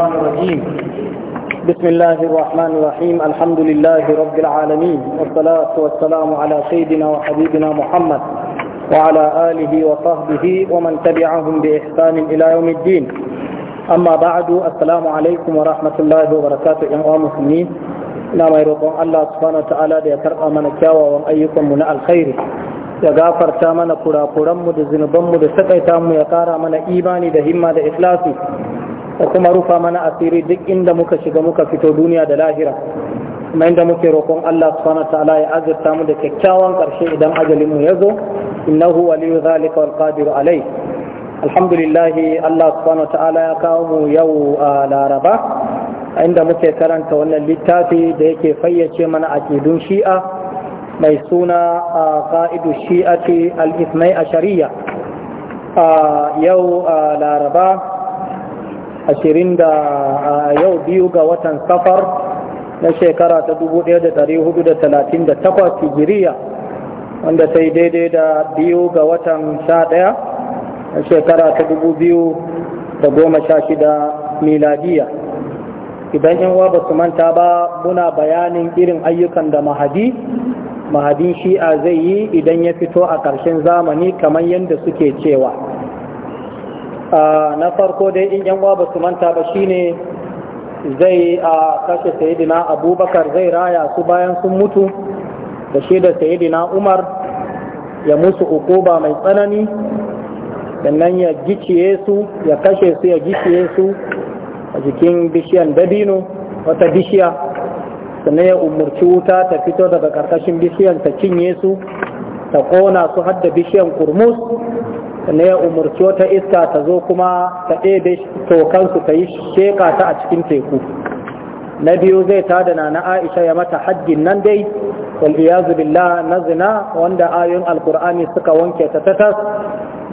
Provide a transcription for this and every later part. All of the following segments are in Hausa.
الرحمن الرحيم بسم الله الرحمن الرحيم الحمد لله رب العالمين والصلاة والسلام على سيدنا وحبيبنا محمد وعلى آله وصحبه ومن تبعهم بإحسان إلى يوم الدين أما بعد السلام عليكم ورحمة الله وبركاته يا مسلمين ina mai roƙon الله سبحانه وتعالى da ya karɓa mana أيكم من الخير alkhairi ya gafarta mana kurakuranmu da zunubanmu da sakaita mu ya إيماني دهما imani da da kuma rufa mana asiri duk inda muka shiga muka fito duniya da lahira kuma inda muke roƙon Allah subhanahu ta'ala ya azurta mu da kyakkyawan ƙarshe idan ajalin mu ya zo innahu waliyu zalika wal qadiru alai alhamdulillah Allah subhanahu ta'ala ya kawo mu yau a laraba inda muke karanta wannan littafi da yake fayyace mana aqidun shi'a mai suna qa'idu shi'ati al-ithnai ashariyya yau laraba ashirin da yau biyu ga watan safar na shekara ta 1438 hijiriya wanda ta daidai da biyu ga watan sha daya na shekara ta 2016 miladiya idan yan uwa ba su manta ba muna bayanin irin ayyukan da mahadi mahadin shi'a zai yi idan ya fito a ƙarshen zamani kamar yadda suke cewa na farko dai in yan uwa ba su manta ba shine zai a kashe sayidina abubakar zai raya su bayan sun mutu da shi da sayidina umar ya musu ukuba mai tsanani sannan ya gicciye su ya kashe su ya gicciye su a jikin bishiyan dabino wata bishiya sannan ya umarci wuta ta fito daga karkashin bishiyan ta cinye su ta kona su hadda bishiyan kurmus ne umarci wata iska ta zo kuma ta ɗebe tokansu ta yi sheƙa ta a cikin teku na biyu zai tada na na aisha ya mata haddin nan dai wal billah na zina wanda ayoyin alkur'ani suka wanke ta tatas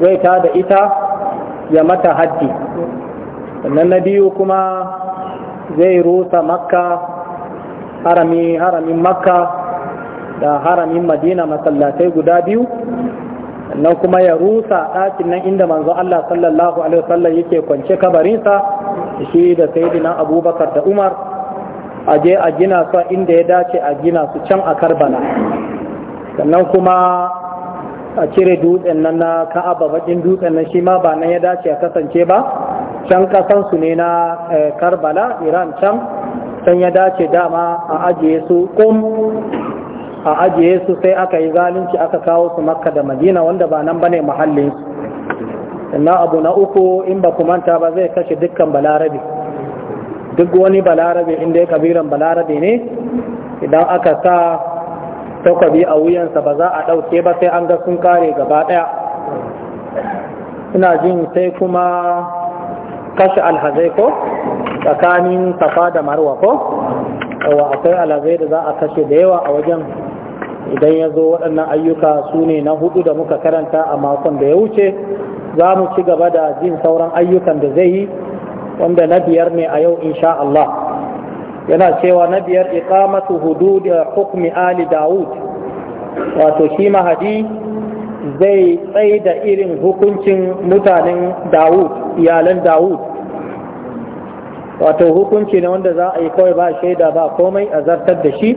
zai tada ita ya mata haddi sannan na biyu kuma zai rusa makka harami haramin makka da haramin madina masallatai guda biyu sannan kuma ya rusa ɗakin nan inda manzo Allah sallallahu alaihi wasallam yake kwance kabarinsa shi da sayyidina Abubakar da Umar a je a gina su inda ya dace a gina su can a Karbala sannan kuma a cire dutsen nan na Ka'aba bakin dutsen nan shi ma ba nan ya dace a kasance ba can kasan su ne na eh, Karbala Iran can San ya dace dama a ajiye su kum a ajiye su sai aka yi zalunci aka kawo su makka da madina wanda ba nan bane ne su na abu na uku in ba manta ba zai kashe dukkan balarabe duk wani balarabe inda ya kabiran balarabe ne idan aka sa takwabi a wuyansa ba za a ɗauke ba sai an ga sun kare gaba ɗaya ina jin sai kuma kashe alhazai ko tsakanin safa da marwa ko wa akwai alhazai da za a kashe da yawa a wajen idan ya zo waɗannan ayyuka su ne na hudu da muka karanta a makon da ya wuce za mu ci gaba da jin sauran ayyukan da zai yi wanda na biyar ne a yau in sha Allah yana cewa na biyar iqamatu hudud hukmi ali daud wato shi mahadi zai tsai da irin hukuncin mutanen daud iyalan daud wato hukunci ne wanda za a yi kawai ba shaida ba komai a zartar da shi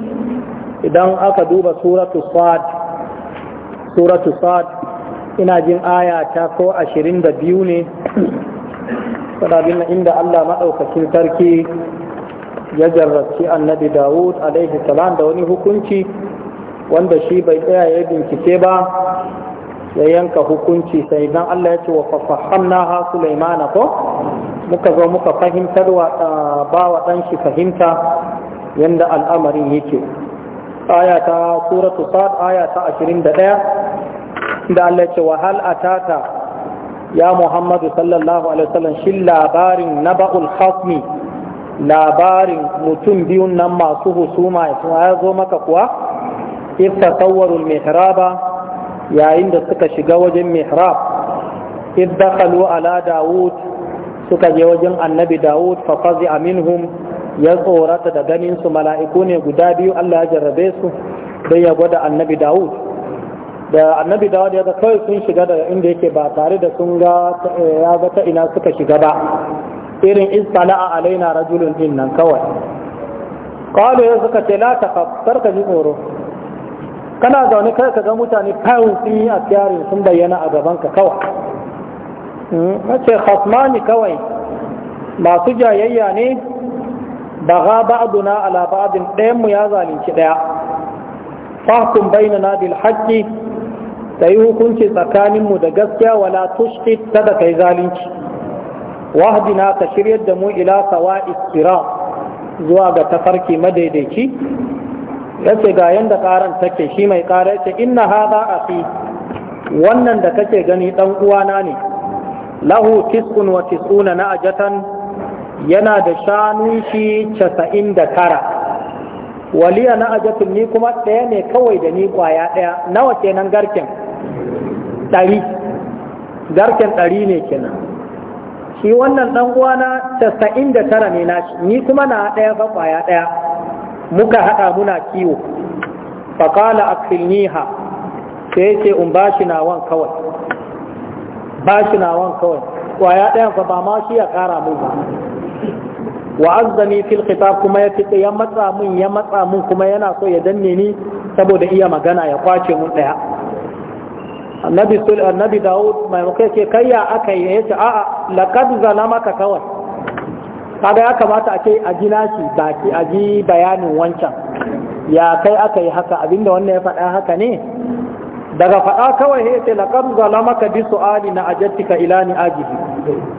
idan aka duba suratu sad suratu ina jin aya ta ko ashirin da biyu ne sanabin inda Allah maɗaukacin sarki ya jarrabci annabi Dawud alaihi salam da wani hukunci wanda shi bai tsaya ya bincike ba ya yanka hukunci sai dan Allah ya ce wa fahamna ha Sulaimana ko muka zo muka fahimtar wa ah, ba wa dan shi fahimta yadda al'amarin yake aya ta suratu sad aya ta 21 da Allah ce wa hal ya Muhammadu sallallahu alaihi wasallam shin labarin naba'ul khasmi labarin mutum biyun nan masu husuma ya zo maka kuwa ifta tsawwarul mihraba yayin da suka shiga wajen mihrab idda ala dawud suka je wajen annabi dawud fa fazi minhum ya tsorata da ganin su mala'iku ne guda biyu Allah ya jarrabe su don ya gwada annabi Dawud da annabi Dawud ya ga kawai sun shiga daga inda yake ba tare da sun ga eh, ya ga ta ina suka shiga ba irin istala'a alaina rajulun din nan kawai qalu ya suka ce lata taqaf sarka ji tsoro kana zaune kai ka ga mutane kawai sun yi a asyarin sun bayyana a gaban ka kawai Mace hmm, khasmani kawai masu jayayya ne baga ba'duna ala ba'din ɗayan mu ya zalunci ɗaya fahkum bainana bil haqqi yi hukunci tsakanin mu da gaskiya wala tushqit kada kai zalunci wahdina ka shiryar da mu ila sawa'is sirat zuwa ga tafarki madaidaici yace ga yanda karan take shi mai kara yace inna hadha akhi wannan da kake gani dan uwana ne lahu tis'un wa tis'una na'jatan yana da shanun shi casa'in da tara waliya na ajatun ni kuma ɗaya ne kawai da ni kwaya ɗaya nawa kenan garken ɗari garken ɗari ne kenan shi wannan ɗan uwana casa'in da tara ne na ni kuma na ɗaya ba kwaya ɗaya muka haɗa muna kiwo faƙala filniha sai ce in bashi nawan kawai bashi nawan kawai kwaya ɗayan fa ba ma shi ya ƙara mu ba wa azzani fil khitab kuma ya fita ya matsa mun ya matsa mun kuma yana so ya danne ni saboda iya magana ya kwace mun daya annabi sul annabi daud mai muke ce kai ya aka yi ce a a laqad ka kawai kaga ya kamata a ce a ji nashi baki a ji bayanin wancan ya kai aka yi haka abinda wannan ya faɗa haka ne daga faɗa kawai he ce laqad zalamaka bi su'ali na ajattika ila ni ajibi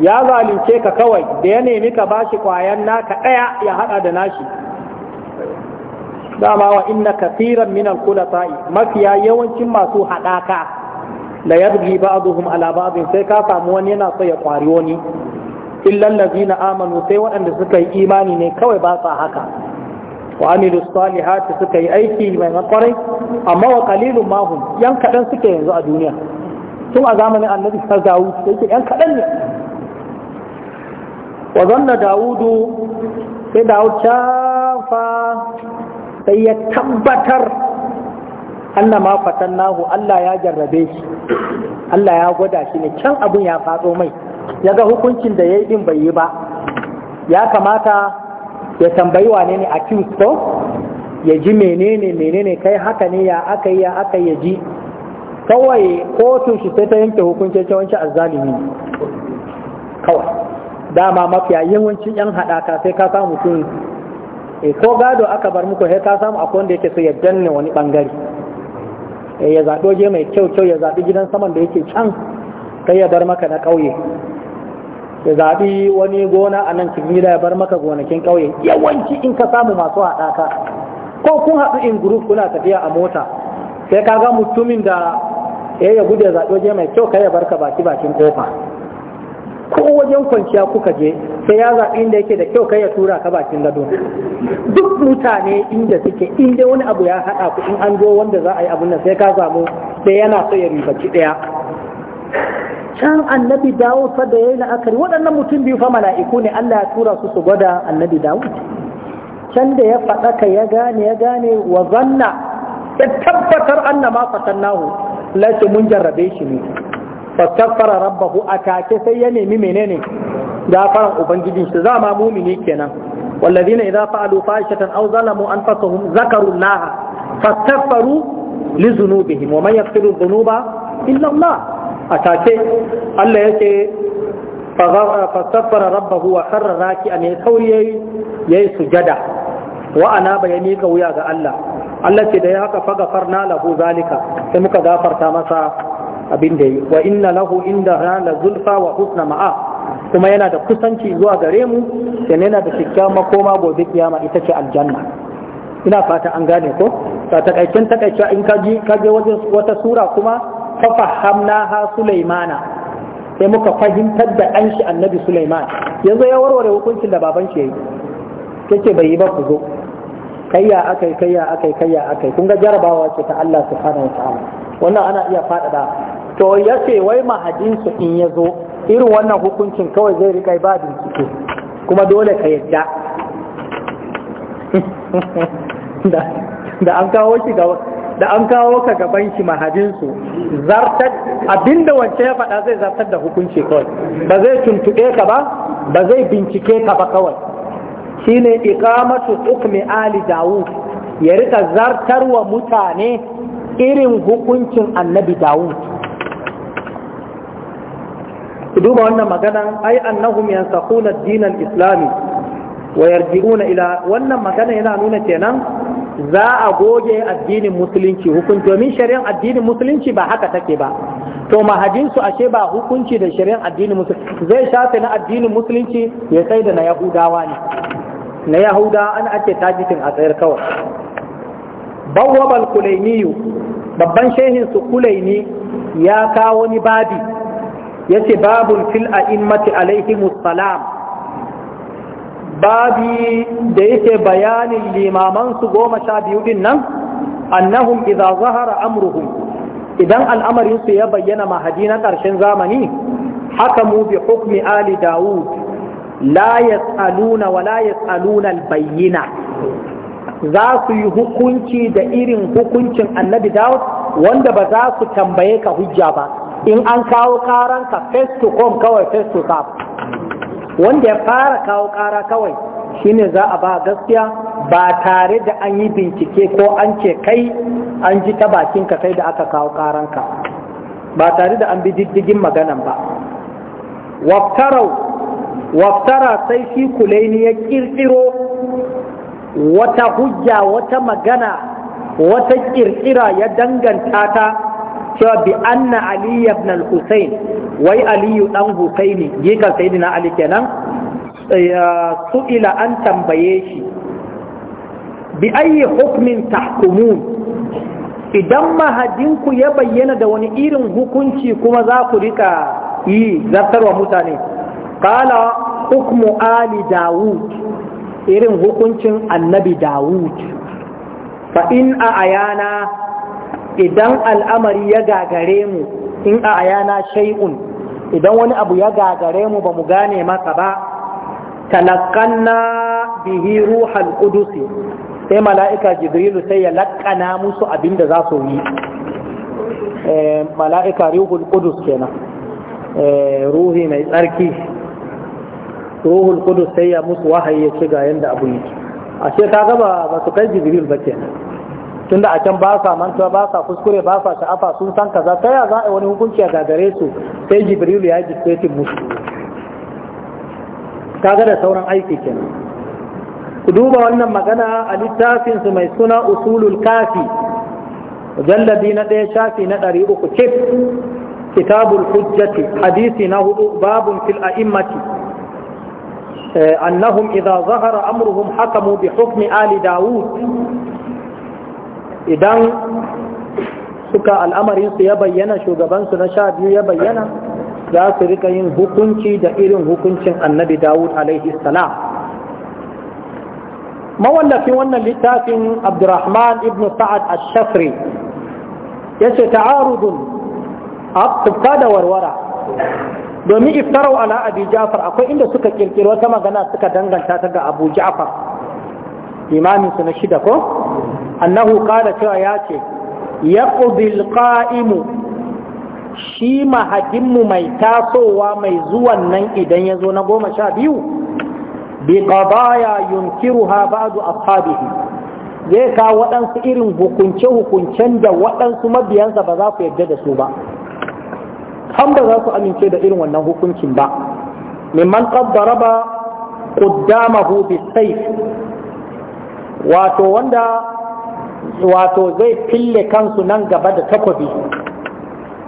ya zalunce ka kawai da ya nemi ka bashi kwayan naka ɗaya ya haɗa da nashi dama wa inna kathiran min al-qulata'i mafiya yawancin masu haɗaka la yabghi ba'dhum ala ba'dhin sai ka samu wani yana so ya kwari wani illal ladina amanu sai waɗanda suka yi imani ne kawai ba sa haka wa amilu salihati suka yi aiki mai makwarai amma wa kalilu mahun yan kadan suke yanzu a duniya tun a zamanin annabi sa da yake yan kadan ne wa zanna dawudu sai dawud fa sai ya tabbatar Allah ma nahu Allah ya jarrabe shi Allah ya gwada shi ne can abun ya faɗo mai ya ga hukuncin da ya yi din bai yi ba ya kamata ya tambayi wane ne a ko ya ji menene menene kai haka ne ya aka yi ya aka ya ji kawai kotun shi sai ta yanke hukuncin wancan azzalimi kawai dama mafiya yawancin yan haɗaka sai ka samu mutum eh, ko gado aka bar muku sai ka samu akwai wanda yake so ya danne wani bangare eh, ya zaɓi waje mai kyau kyau ya zaɓi gidan saman da yake can kai ya bar maka na ƙauye ya zaɓi wani gona a nan cikin gida ya bar maka gonakin ƙauye yawanci in ka samu masu haɗaka ko kun haɗu in group kuna tafiya a mota sai ka ga mutumin da ya ya zaɓe zaɓi waje mai kyau kai ya bar ka baki bakin kofa ko wajen kwanciya kuka je sai ya zaɓi inda yake da kyau kai ya tura ka bakin gado duk mutane inda suke inda wani abu ya haɗa ku in an zo wanda za a yi abun nan sai ka samu sai yana so ya ribaci ɗaya can annabi dawud fa da yayi la'akari waɗannan mutum biyu fa mala'iku ne Allah ya tura su su gwada annabi dawud can da ya faɗaka ya gane ya gane wa zanna ya tabbatar annama fatannahu Lati mun jarrabe shi ne fastaghfara rabbahu atake sai ya nemi menene gafaran ubangijin shi zama mumini kenan والذين إذا فعلوا فاحشة أو ظلموا أنفسهم ذكروا الله فاستغفروا لذنوبهم ومن يغفر الذنوب إلا الله a take Allah yake fasaffara rabbahu wa raki, a yayi sauri ya yi sujada wa ana bayani ka wuya ga Allah Allah ce da ya haka fa na lahu zalika sai muka gafarta masa abin da yi wa inna lahu inda la zulfa wa husna ma'a kuma yana da kusanci zuwa gare mu sannan yana da kyakkyawan makoma gobe kiyama ita ce aljanna ina fata an gane ko ta takaicen takaice in kaje je wajen wata sura kuma fafahamnaha sulaimana sai muka fahimtar da an shi annabi sulaiman yanzu ya warware hukuncin da baban shi yayi yace bai yi ba ku zo kayya akai kayya akai kayya akai kun ga jarabawa ce ta Allah subhanahu wataala wannan ana iya faɗaɗa to yace wai mahadin su in ya zo irin wannan hukuncin kawai zai rika ba bincike kuma dole ka yadda da an kawo shi ga da an kawo ka gaban shi mahajinsu zartar abinda wance ya faɗa zai zartar da hukunci kawai ba zai tuntuɓe ka ba ba zai bincike ka ba kawai Shi ne ikamatu hukmi ali dawud ya rika zartar wa mutane irin hukuncin annabi dawud duba wannan magana ai annahum yansakhuna ad-din al-islami wa ila wannan magana yana nuna kenan za a goge addinin musulunci hukunci domin shari'ar addinin musulunci ba haka take ba to mahadinsu ashe ba hukunci da shari'ar addinin musulunci zai shafe na addinin musulunci ya sai da na yahudawa ne na Yahudawa an ake tajikin a tsayar kawai bawwabal kulainiyu babban shehin su kulaini ya kawo ni babi yace babul fil a'immati alaihimus salam babi da yake bayanin limaman su goma sha biyu din nan annahum idza zahara amruhum idan al'amarin su ya bayyana mahadi na ƙarshen zamani haka mu bi hukmi ali daud la yas'aluna wa la yas'aluna al-bayyina za su yi hukunci da irin hukuncin annabi daud wanda ba za su tambaye ka hujja ba in an kawo karanka face to come kawai face to come wanda ya fara kawo ƙara kawai shine za a ba gaskiya ba tare da an yi bincike ko an ce kai an ji ta bakinka kai da aka kawo ƙaranka ba tare da an bi diddigin maganan ba waftarau waftara sai shi kulaini ya kirkiro wata hujja wata magana wata kirkira ya danganta ta cewa bi anna ali ibn al-husayn wai aliyu dan husaini jikan sayyidina ali kenan eh, ila an tambaye shi bi ayi hukmin tahkumun idan ku ya bayyana da wani irin hukunci kuma za ku rika yi zartarwa mutane kala hukmu ali dawud irin hukuncin annabi dawud fa in a ayana idan al'amari ya gagare mu in a ayana shay'un idan wani abu ya gagare mu ba mu gane masa ba talakanna bihi ruhal qudusi sai mala'ika jibrilu sai ya lakkana musu abin da za su yi eh, mala'ika ruhul qudus kenan eh, ruhi mai tsarki ruhul qudus sai ya musu wahayi ya ci ga yanda abu yake ashe ta gaba ba su kai jibril ba kenan tunda a can ba sa mantuwa ba sa kuskure ba sa sha'afa sun san kaza ta ya za a wani hukunci a gagare su sai jibrilu ya ji dictating musu kaga da sauran aiki kenan ku duba wannan magana a littafin su mai suna usulul kafi mujalladi na ɗaya shafi na ɗari uku kif kitabul hujjati hadisi na hudu babun fil a'immati eh, annahum idza zahara amruhum hakamu bi hukmi ali daud idan suka al'amarinsu ya bayyana shugabansu na sha biyu ya bayyana za su rika yin hukunci da irin hukuncin annabi dawud alaihi salam mawallafin wannan littafin abdurrahman ibn sa'ad ash-shafri ya ce ta'arudun tufka da warwara domin iftarau ala abi ja'far akwai inda suka kirkiri wata magana suka danganta ta ga abu ja'far imaminsu na shida ko annahu qala cewa ya ce yaqbil ƙa'imu shi mahadinmu mai tasowa mai zuwan nan idan ya zo na goma sha biyu bi qadaya yunkiruha ba'du ashabihi zai ka waɗansu irin hukunce-hukuncen da waɗansu mabiyansa ba za ku yarda da su ba kan ba za su amince da irin wannan hukuncin ba mimman qaddara ba qaddamahu bisayf wato wanda wato zai fille kansu nan gaba da takobi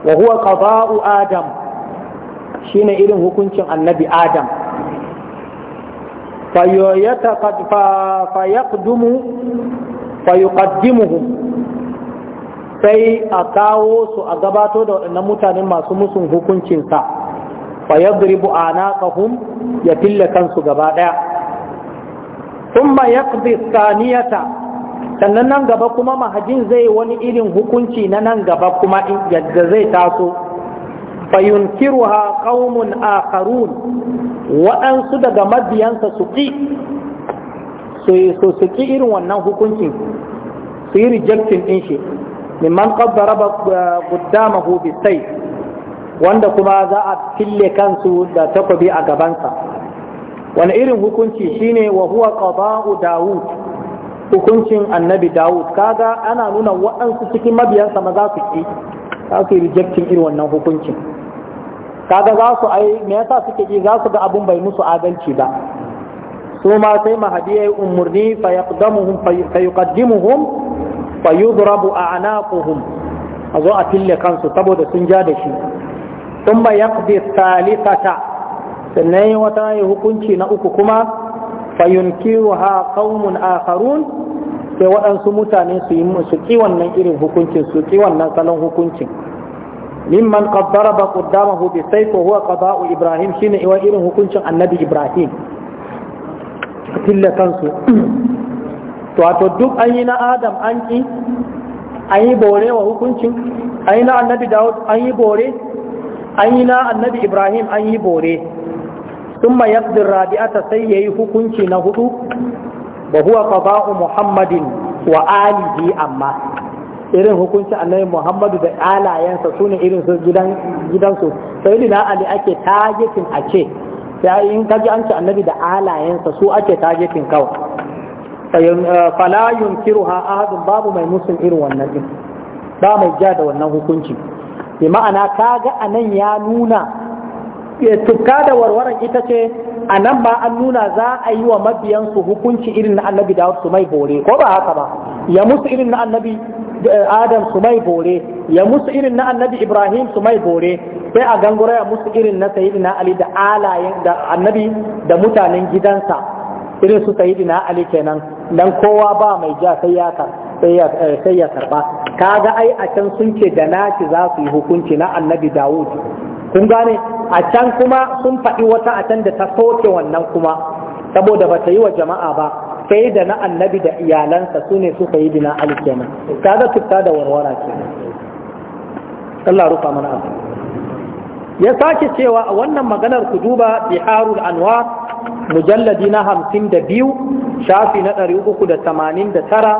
wa huwa qada'u adam shine irin hukuncin annabi adam fayuqaddimuhum sai a kawo su a gabato da waɗannan mutane masu musun hukuncinsa fayadribu anaqahum ya fille kansu gaba ɗaya ya yaqdi thaniyata sannan nan gaba kuma mahajin zai wani irin hukunci na nan gaba kuma yadda zai taso fayunkiruha qaumun akharun waɗansu daga mabiyansa su ƙi su irin wannan hukuncin su yi rejectin din shi mimman qaddara qaddamahu bisayf wanda kuma za a fille kansu da takobi a gabansa wani irin hukunci shine wa huwa qada'u dawud hukuncin annabi dawud kaga ana nuna waɗansu cikin mabiyansa ma za su ƙi za su yi rejectin irin wannan hukuncin kaga za su ai me yasa suke ji za su ga abun bai musu adalci ba su ma sai mahadi ya yi umarni fa yaqdamuhum fa yuqaddimuhum fa yudrabu a'naquhum a zo a fille kansu saboda sun ja da shi thumma yaqdi thalithata sannan wata yi hukunci na uku kuma fayunkiruha qaumun akharun sai waɗansu mutane su yi su ki wannan irin hukuncin su ki wannan salon hukuncin mimman qad daraba qaddamahu bi sayfi huwa qada'u ibrahim shine iwa irin hukuncin annabi ibrahim tilla kansu to wato duk an yi na adam an ki an yi bore wa hukuncin an yi na annabi dawud an yi bore an yi na annabi ibrahim an yi bore ثم يقضي الرابعة سيئي حكمتي نهدو وهو قضاء محمد وآله أما irin hukunci annabi Muhammadu da alayensa su ne irin su gidansu sai lina ali ake targeting a ce sai in kaji an ce annabi da alayensa su ake targeting kawai eh, fala yunkiruha ahadun babu mai musun irin wannan din ba mai ja da wannan hukunci bi ma'ana kaga anan ya nuna tukka da warwaran ita ce a nan ba an nuna za a yi wa mabiyansu hukunci irin na annabi da su mai bore ko ba haka ba ya musu irin na annabi eh, adam su mai bore ya musu irin na annabi ibrahim su mai bore sai a gangura ya musu irin na sayidina ali da alayen da annabi da mutanen gidansa irin su sayidina ali kenan dan kowa ba mai ja sai ya eh, sai ya karba kaga ai a can sun ce da naci za su yi hukunci na annabi dawud kun gane a can kuma sun faɗi wata a can da ta soke wannan kuma saboda ba ta yi wa jama'a ba sai da na annabi da iyalansa su ne suka yi dina ali kenan kaga tufta da warwara kenan Allah rufa mana abu ya sake cewa a wannan maganar ku duba biharul anwar mujalladi na hamsin da biyu shafi na ɗari uku da tamanin da tara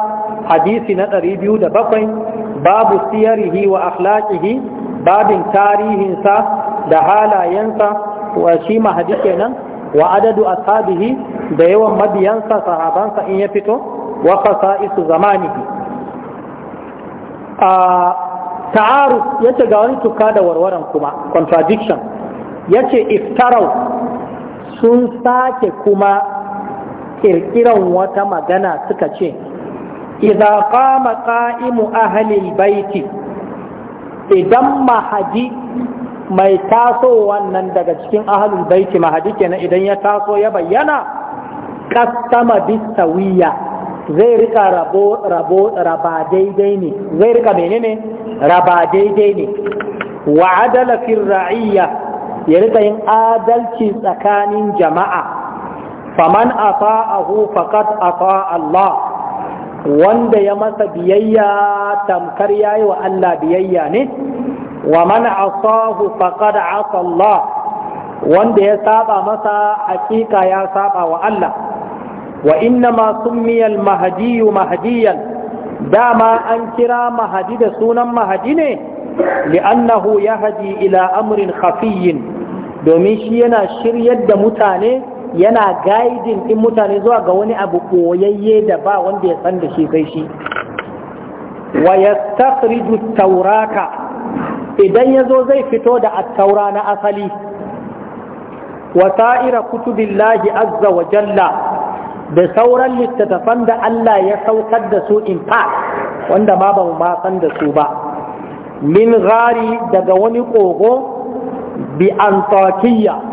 hadisi na ɗari biyu da bakwai babu siyarihi wa akhlaqihi babin tarihinsa da halayensa wa shi mahadi kenan wa adadu ashabihi da yawan mabiyansa sahabansa in ya fito wa fasa'isu zamanihi a yace ga wani tuka da warwaran kuma contradiction yace iftarau sun sake kuma kirkiran wata magana suka ce idza qama qa'imu ahli baiti idan mahadi mai taso wannan daga cikin ahalul baiti mahadi kenan idan ya taso ya bayyana kastama bisawiya zai rika rabo rabo raba daidai ne zai rika menene raba daidai ne wa adala fil ra'iyya ya rika yin adalci tsakanin jama'a faman ata'ahu faqad ata Allah wanda ya masa biyayya tamkar yayi wa Allah biyayya ne wa man asahu faqad asa Allah wanda ya saba masa hakika ya saba wa Allah wa inna masu miyal Mahadiyu mahadiyan dama an kira mahadi da sunan mahadi ne li'annahu yahdi ila amrin khafiyyin domin shi yana shiryar da mutane yana gaidin in mutane zuwa ga wani abu koyayye da ba wanda ya san da shi sai shi wa yastakhriju taurata idan zo zai fito da attaura taura na asali wa sa'ira kutubillahi azza wa jalla da sauran littattafan da Allah ya saukar da su in wanda ma ba ma san da su ba min gari daga wani kogo bi antakiyya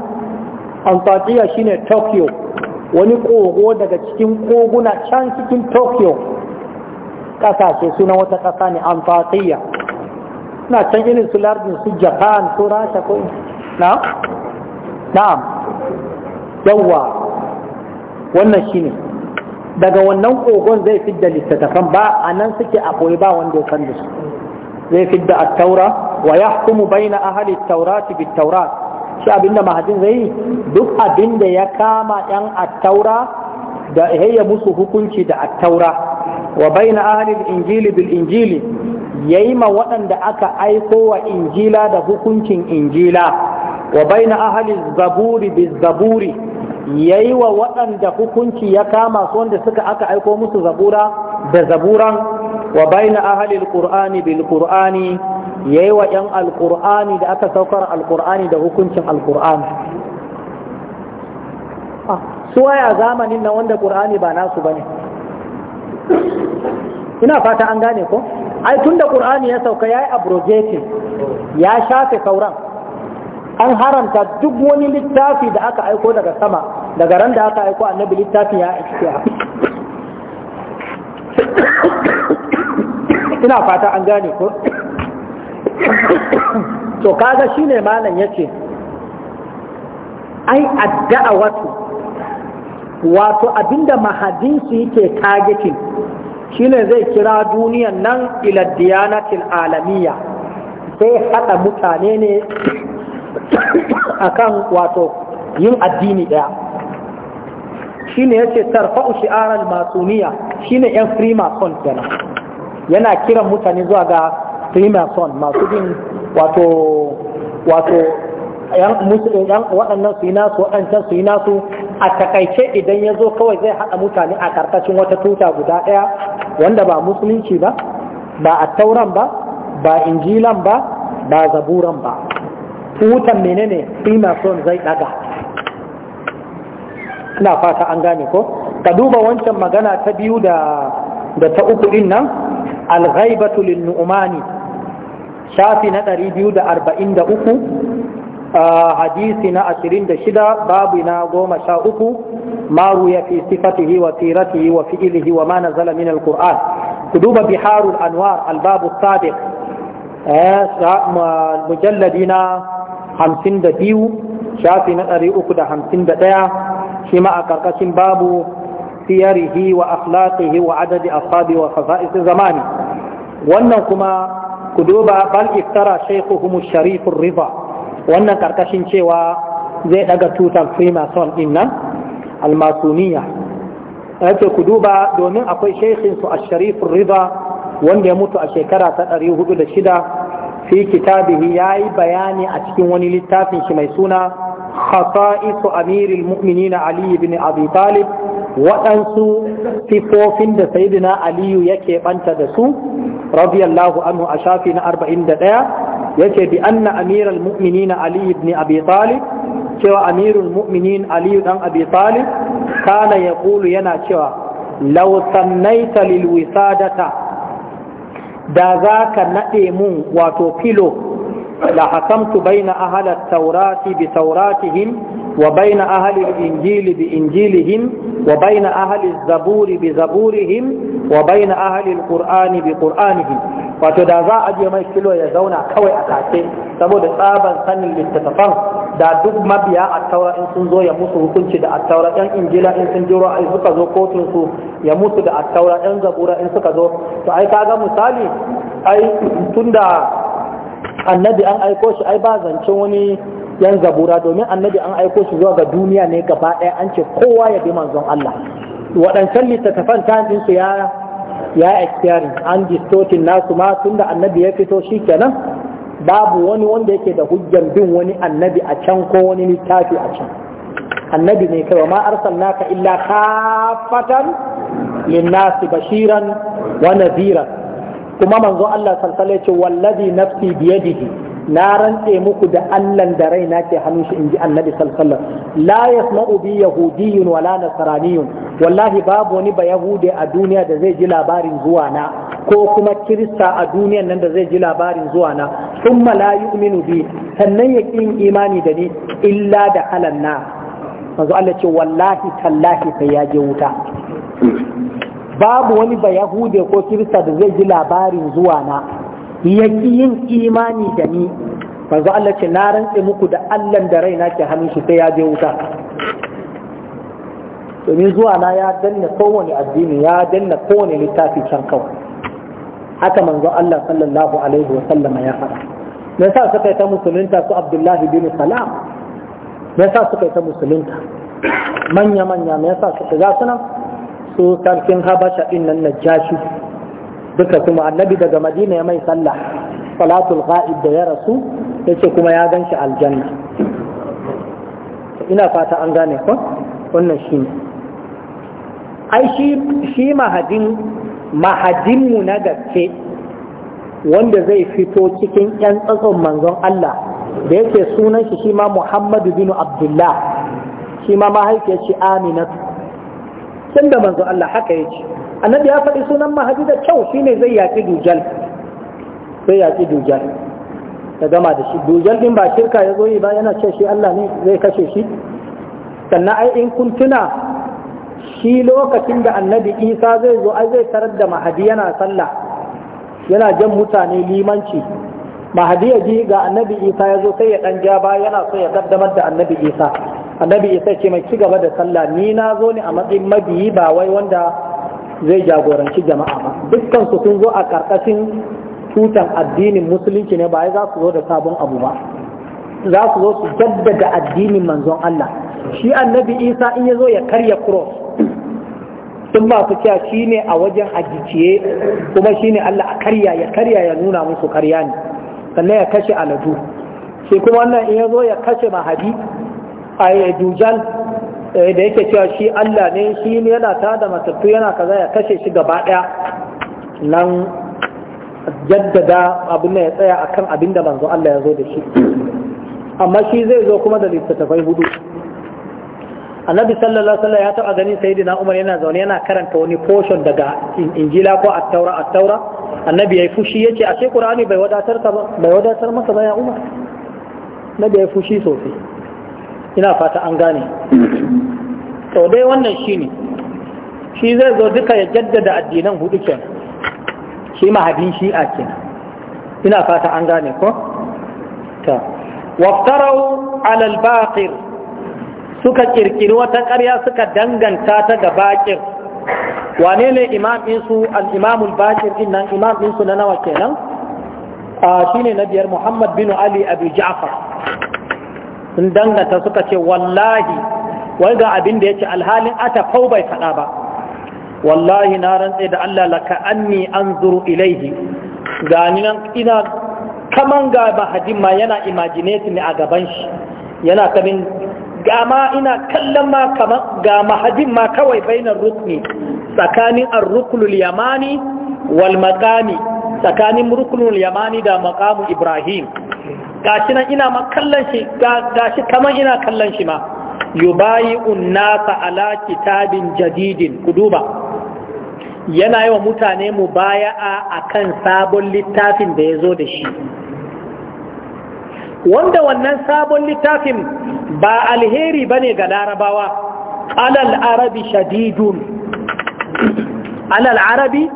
antakiya shine tokyo wani kogo daga cikin koguna can cikin tokyo kasashe sunan wata ƙasa ne antakiya na can irin su lardin su japan ko rasha ko na na'am yawwa wannan shine daga wannan kogon zai fidda littattafan ba a nan suke a koyi ba wanda ya san da su zai fidda a taura wa yahkumu baina ahli at-taurati bit-taurat shi abinda mahadin zai yi duk abinda ya kama yan attaura da ya musu hukunci da attaura wa baina ahlil injili bil injili yayi ma waɗanda aka aiko wa injila da hukuncin injila wa baina ahlil zaburi bil zaburi yayi wa waɗanda hukunci ya kama su wanda suka aka aiko musu zabura da zaburan wa baina ahlil qur'ani bil qur'ani ya yi wa ‘yan alƙur'ani da aka saukar alƙur'ani da hukuncin alƙur'ani ah, su a zamanin na wanda ƙur'ani ba nasu ba ne ina fata an gane ko ai tun da ƙur'ani ya sauka ya yi abrogating ya shafe sauran an haramta duk wani littafi da aka aiko daga sama daga ran da aka aiko annabi littafi ya ikiya ina fata an gane ko to kaga shine malam yace ai adda'a wato wato abinda mahadinsu yake targeting shine zai kira duniyan nan ila diyanatil alamiya sai hada mutane ne akan wato yin addini daya shine yace tarfa'u shi'aral masuniya shine yan free kenan yana kiran mutane zuwa ga freemason masu bin wato wato yan waɗannan su yi nasu waɗancan su yi nasu a takaice idan ya zo kawai zai haɗa mutane a ƙarƙashin wata tuta guda ɗaya wanda ba musulunci ba ba a tauran ba ba injilan ba ba zaburan ba tutan menene freemason zai ɗaga ina fata an gane ko ka duba wancan magana ta biyu da ta uku ɗin nan al-ghaibatu shafi na 243 hadisi na 26 babu na 13 ma ruya fi sifatihi wa siratihi wa fi'ilihi wa ma nazala min alquran kuduba biharul anwar albabu sabiq eh, mujalladina 52 shafi na 351 shi ma a karkashin babu siyarihi wa akhlaqihi wa adadi ashabi wa zamani wannan kuma ku duba bal iftara shaykhuhum sharif riba wannan karkashin cewa zai daga tutar freemason din nan almasuniya yace ku duba domin akwai shaykhin su sharif riba wanda ya mutu a shekara ta da shida. fi kitabihi yayi bayani a cikin wani littafin shi mai suna amirin أمير na Aliyu bin abi talib waɗansu sifofin da sayidina aliyu yake ɓanta da su radiyallahu anhu a shafi na 41 yace bi anna amiral mu'minin ali ibn abi talib cewa amirul mu'minin ali dan abi talib kana kulu yana cewa law sannaita lil wisadata da zaka nade mun wato filo la hakamtu baina ahli at-taurati bi tauratihim وبين أهل الإنجيل بإنجيلهم وبين أهل الزبور بزبورهم وبين أهل القرآن بقرآنهم wato da za a je mai kilo ya zauna kawai a tace saboda tsaban sanin littattafan da duk mabiya a taura in sun zo ya musu hukunci da a taura yan injila in sun jiro ai suka zo kotun su ya musu da a taura yan zabura in suka zo to ai kaga misali ai tunda annabi an aiko shi ai ba zancen wani yan zabura domin annabi an aiko shi zuwa ga duniya ne gaba ɗaya an ce kowa ya bi manzon Allah waɗancan littattafan ta su ya ya expiring an distortin nasu ma tunda annabi ya fito shi kenan babu wani wanda yake da hujjan bin wani annabi a can ko wani littafi a can annabi ne kai ma ka illa kafatan linnasi bashiran wa nadhira kuma manzo Allah sallallahu alaihi wasallam ya ce wallazi nafsi biyadihi na rantse muku da allan da raina ke hannun shi in ji annabi sallallahu la yasma'u bi yahudiyyun wala nasraniyyun wallahi babu wani ba a duniya da zai ji labarin zuwa na ko kuma kirista a duniyan nan da zai ji labarin zuwa na thumma la yu'minu bi sannan ya yin imani da ni illa da na. manzo Allah ce wallahi tallahi sai ya je wuta babu wani ba ko kirista da zai ji labarin zuwa na ya yin imani da ni manzo Allah ce na rantse muku da Allah da raina ke hannun shi sai ya je wuta domin zuwa na ya danna kowane addini ya danna kowane littafi can kawai haka manzo Allah sallallahu alaihi wa sallama ya faɗa me yasa suka yi ta musulunta su Abdullahi bin Salam me yasa suka yi ta musulunta manya manya me yasa suka ga sunan su sarkin Habasha din nan Najashi duka kuma annabi daga madina ya mai sallah salatul ghaib da ya rasu yace kuma ya ganshi aljanna ina fata an gane ko wannan shi ne. ai shi shi mahadin mahadin na gaske wanda zai fito cikin yan tsatson manzon Allah da yake sunan shi shi ma Muhammadu bin Abdullah shi ma mahaifiyar shi Aminatu tunda manzon Allah haka yake annabi ya faɗi sunan mahadi da kyau shine zai yaƙi dujal zai yaƙi dujal ya gama da shi dujal din ba shirka ya zo yi ba yana ce shi Allah ne zai kashe shi sannan ai in kun tuna shi lokacin da annabi isa zai zo ai zai tarar da mahadi yana sallah yana jan mutane limanci mahadi ya ji ga annabi isa ya zo sai ya ɗan ja ba yana so ya kaddamar da annabi isa annabi isa ce mai ci gaba da sallah ni na zo ne a matsayin mabiyi ba wai wanda zai jagoranci jama'a ba dukkan su sun zo a karkashin tutan addinin musulunci ne ba ya za su zo da sabon abu ba za su zo su jaddada addinin manzon Allah shi annabi Isa in ya zo ya karya cross sun masu cewa shi ne a wajen ajiciye kuma shi ne Allah a karya ya karya ya nuna musu karya ne sannan ya kashe aladu shi kuma wannan in ya zo ya kashe mahadi a eh, dujal Eh, da yake cewa shi Allah ne shi ne yana tada matattu yana kaza ya kashe shi gaba ɗaya nan jaddada abin da ya tsaya akan abin da manzo Allah ya zo da shi amma shi zai zo kuma da littattafai hudu annabi sallallahu alaihi wasallam ya taɓa ganin na Umar yana zaune yana karanta wani portion daga injila ko attaura. taura at-taura yi yayi fushi yace ashe qur'ani bai wadatar bai wadatar masa ba ya Umar annabi yayi fushi sosai ina fata an gane to dai wannan ne shi zai zo duka ya jaddada addinan hudu ke shi mahadin shi'a ke ina fata an gane ko ta waftarau alal baqir suka kirkiri wata ƙarya suka danganta ta ga baƙir wane ne imam insu Al'imamul baƙir din nan imam insu na nawa kenan shi shine na biyar muhammad bin ali abu ja'far sun danganta suka ce wallahi wai ga abin da ya ce alhalin ata fau bai faɗa ba wallahi na rantse da Allah laka anni anzuru ilaihi ni nan ina kaman ga bahadin ma yana imagination ne a gaban shi yana kamin ma ina kallon ma kaman ga mahadin ma kawai bainar rukni tsakanin ar-ruknul yamani wal maqami tsakanin ruknul yamani da maqamu ibrahim gashi nan ina ma kallon shi gashi kaman ina kallon shi ma yubayi unnasa ala kitabin jadidin kuduba yana yi wa mutane mu baya'a a kan sabon littafin da ya zo da shi wanda wannan sabon littafin ba alheri ba ne ga larabawa alal arabi shadidun alal arabi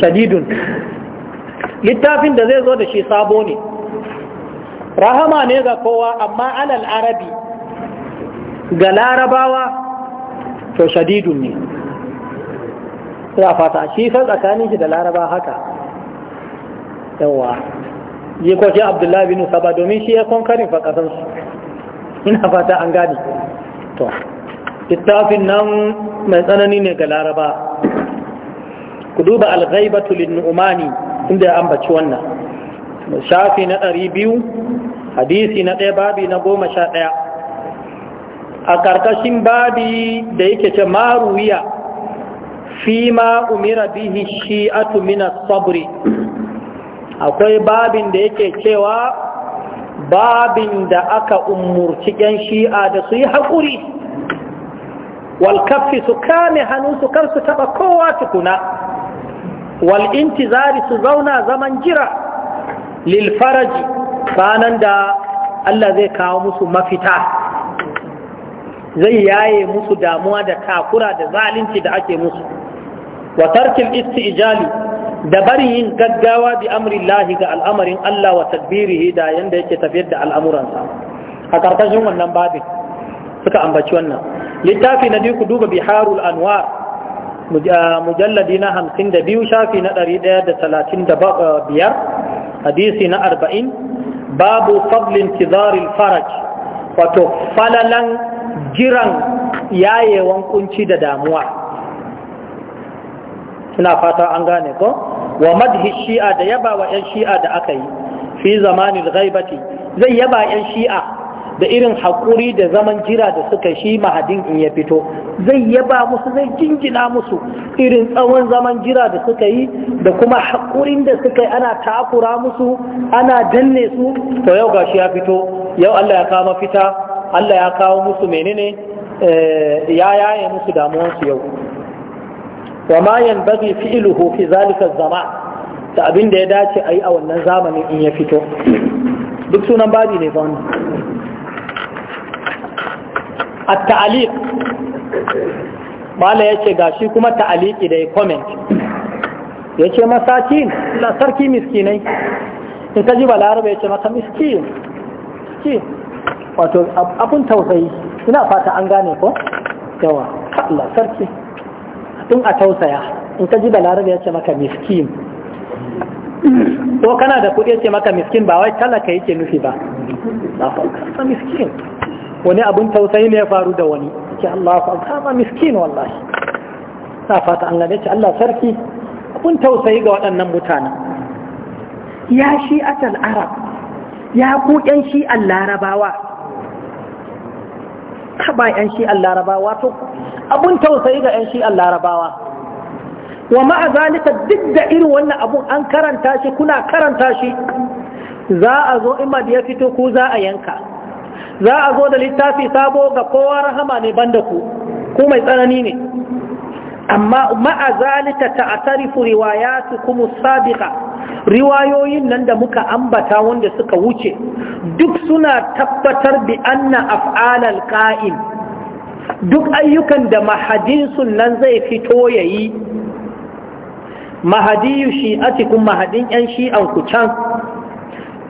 shadidun littafin da zai zo da shi sabo ne rahama ne ga kowa amma alal arabi ga larabawa to shadidun ne ya fata shi fa tsakanin shi da laraba haka yawa yi kwace abdullahi bin saba domin shi ya konkarin fa kasansu ina fata an gani to littafin nan mai tsanani ne ga laraba ku duba alghaibatu lin umani inda ya ambaci wannan shafi na ɗari biyu hadisi na ɗaya babi na goma sha ɗaya a ƙarƙashin babi da yake ce maruwiya fi ma umira bihi shi'atu min sabri akwai babin da yake cewa babin da aka umurci ƴan shi'a da su yi haƙuri walkafi su kame hannu su kar su taɓa kowa tukuna wal'intizari su zauna zaman jira lil faraji da Allah zai kawo musu mafita zai yaye musu damuwa da takura da zalunci da ake musu wa tarkil isti'jali da bari yin gaggawa bi lahi ga al'amarin Allah wa tadbirihi da yanda yake tafiyar da al'amuransa a karkashin wannan babin suka ambaci wannan littafi na biyu ku duba biharul anwar mujalladi na hamsin da biyu shafi na 135 da talatin eh, hadisi na arba'in babu fablin tizarin faraj wato falalan jiran yayewan kunci da damuwa ina fata an gane ko wa madhi shi'a da yaba wa 'yan shi'a da aka yi fi zamanin ghaibati zai yaba 'yan shi'a da irin haƙuri da zaman jira da suka shi mahadin in ya fito zai yaba musu zai jingina musu irin tsawon zaman jira da suka yi da kuma haƙurin da suka yi ana takura musu ana danne su to yau gashi ya fito yau Allah ya kawo mafita Allah ya kawo musu menene eh, ya yaye musu damuwansu yau wa ma yanbaghi fi'luhu fi zalika zaman da abinda ya dace a yi a wannan zamanin in ya fito duk sunan babi ne fa wannan التعليق ما لا yace gashi kuma تعليق da comment yace masakin la sarki miskinai in ka ji balarabe yace maka miskin wato abun tausayi ina fata an gane ko yawa Allah sarki tun a tausaya in ka ji balarabe yace ko kana da kuɗi yace maka miskin ba wai talaka yake nufi ba ba miskin wani abin tausayi ne ya faru da wani ce Allah ku kama miskin wallahi na fata an gane ce Allah sarki abin tausayi ga waɗannan mutanen ya shi asal arab ya ku ƴan shi larabawa ba ƴan shi larabawa to abin tausayi ga ƴan shi larabawa wa ma'a zalika duk da irin wannan abun an karanta shi kuna karanta shi za a zo in ya fito ko za a yanka za a zo da littafi sabo ga kowa rahama ne banda ku ku mai tsanani ne amma ma'a zalika ta'tarifu riwayatukum kuma sabiqa riwayoyin nan da muka ambata wanda suka wuce duk suna tabbatar bi anna af'alal qa'im duk ayyukan da mahadinsu nan zai fito yayi mahadiyu shi'atikum mahadin yan shi'an ku can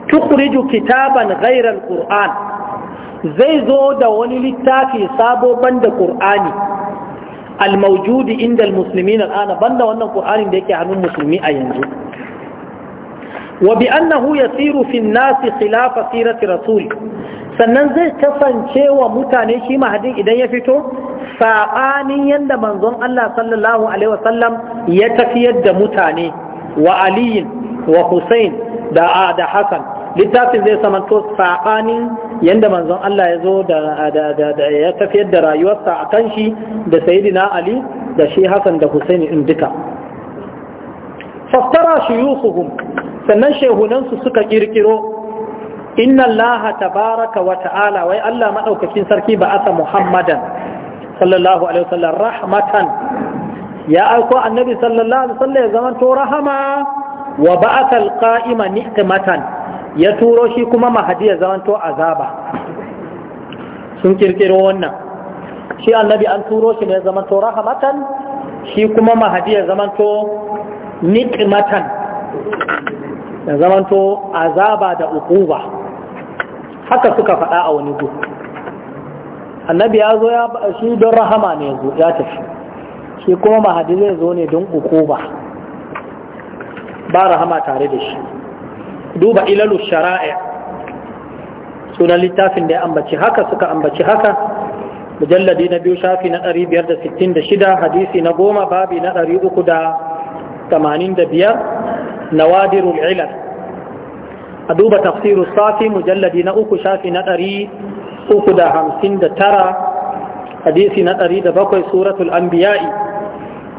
tukhriju kitaban ghayra al-qur'an zai zo da wani littafi sabo banda ƙur'ani almaujudi inda musulmi na ana banda wannan ƙur'anin da yake hannun musulmi a yanzu wa bi annahu yasiru fi nasi khilafa sirati rasul sannan zai kasance wa mutane shi mahadin idan ya fito saɓanin yadda manzon Allah sallallahu alaihi wasallam ya tafiyar da mutane wa aliyin wa Hussein da da Hassan littafin zai samanto saɓanin yanda manzon Allah ya zo da ya tafiyar da rayuwarsa a kan shi da sayidina Ali da shi Hassan da Husaini in duka faftara shuyukuhum sannan shehunansu suka kirkiro inna Allah tabaraka wa ta'ala wai Allah madaukakin sarki ba asa Muhammadan sallallahu alaihi wasallam rahmatan ya aiko annabi sallallahu alaihi wasallam ya zamanto rahama wa ba'athal qa'ima ni'matan ya turo shi kuma mahadi ya zamanto azaba sun kirkiro wannan shi annabi an turo shi ne zamanto rahamatan shi kuma mahadi ya zamanto nikmatan ya zamanto azaba da ukuba haka suka faɗa a wani gu annabi ya zo ya shi don rahama ne ya tafi shi kuma mahadi zai zo ne don ukuba ba rahama tare da shi duba ilalu shara'a sunan littafin da ya ambaci haka suka ambaci haka mujalladi na biyu shafi na 566 hadisi na goma babi na 385 nawadirul ilal a duba tafsiru safi mujalladi na uku shafi na 359 hadisi na 107 suratul anbiya'i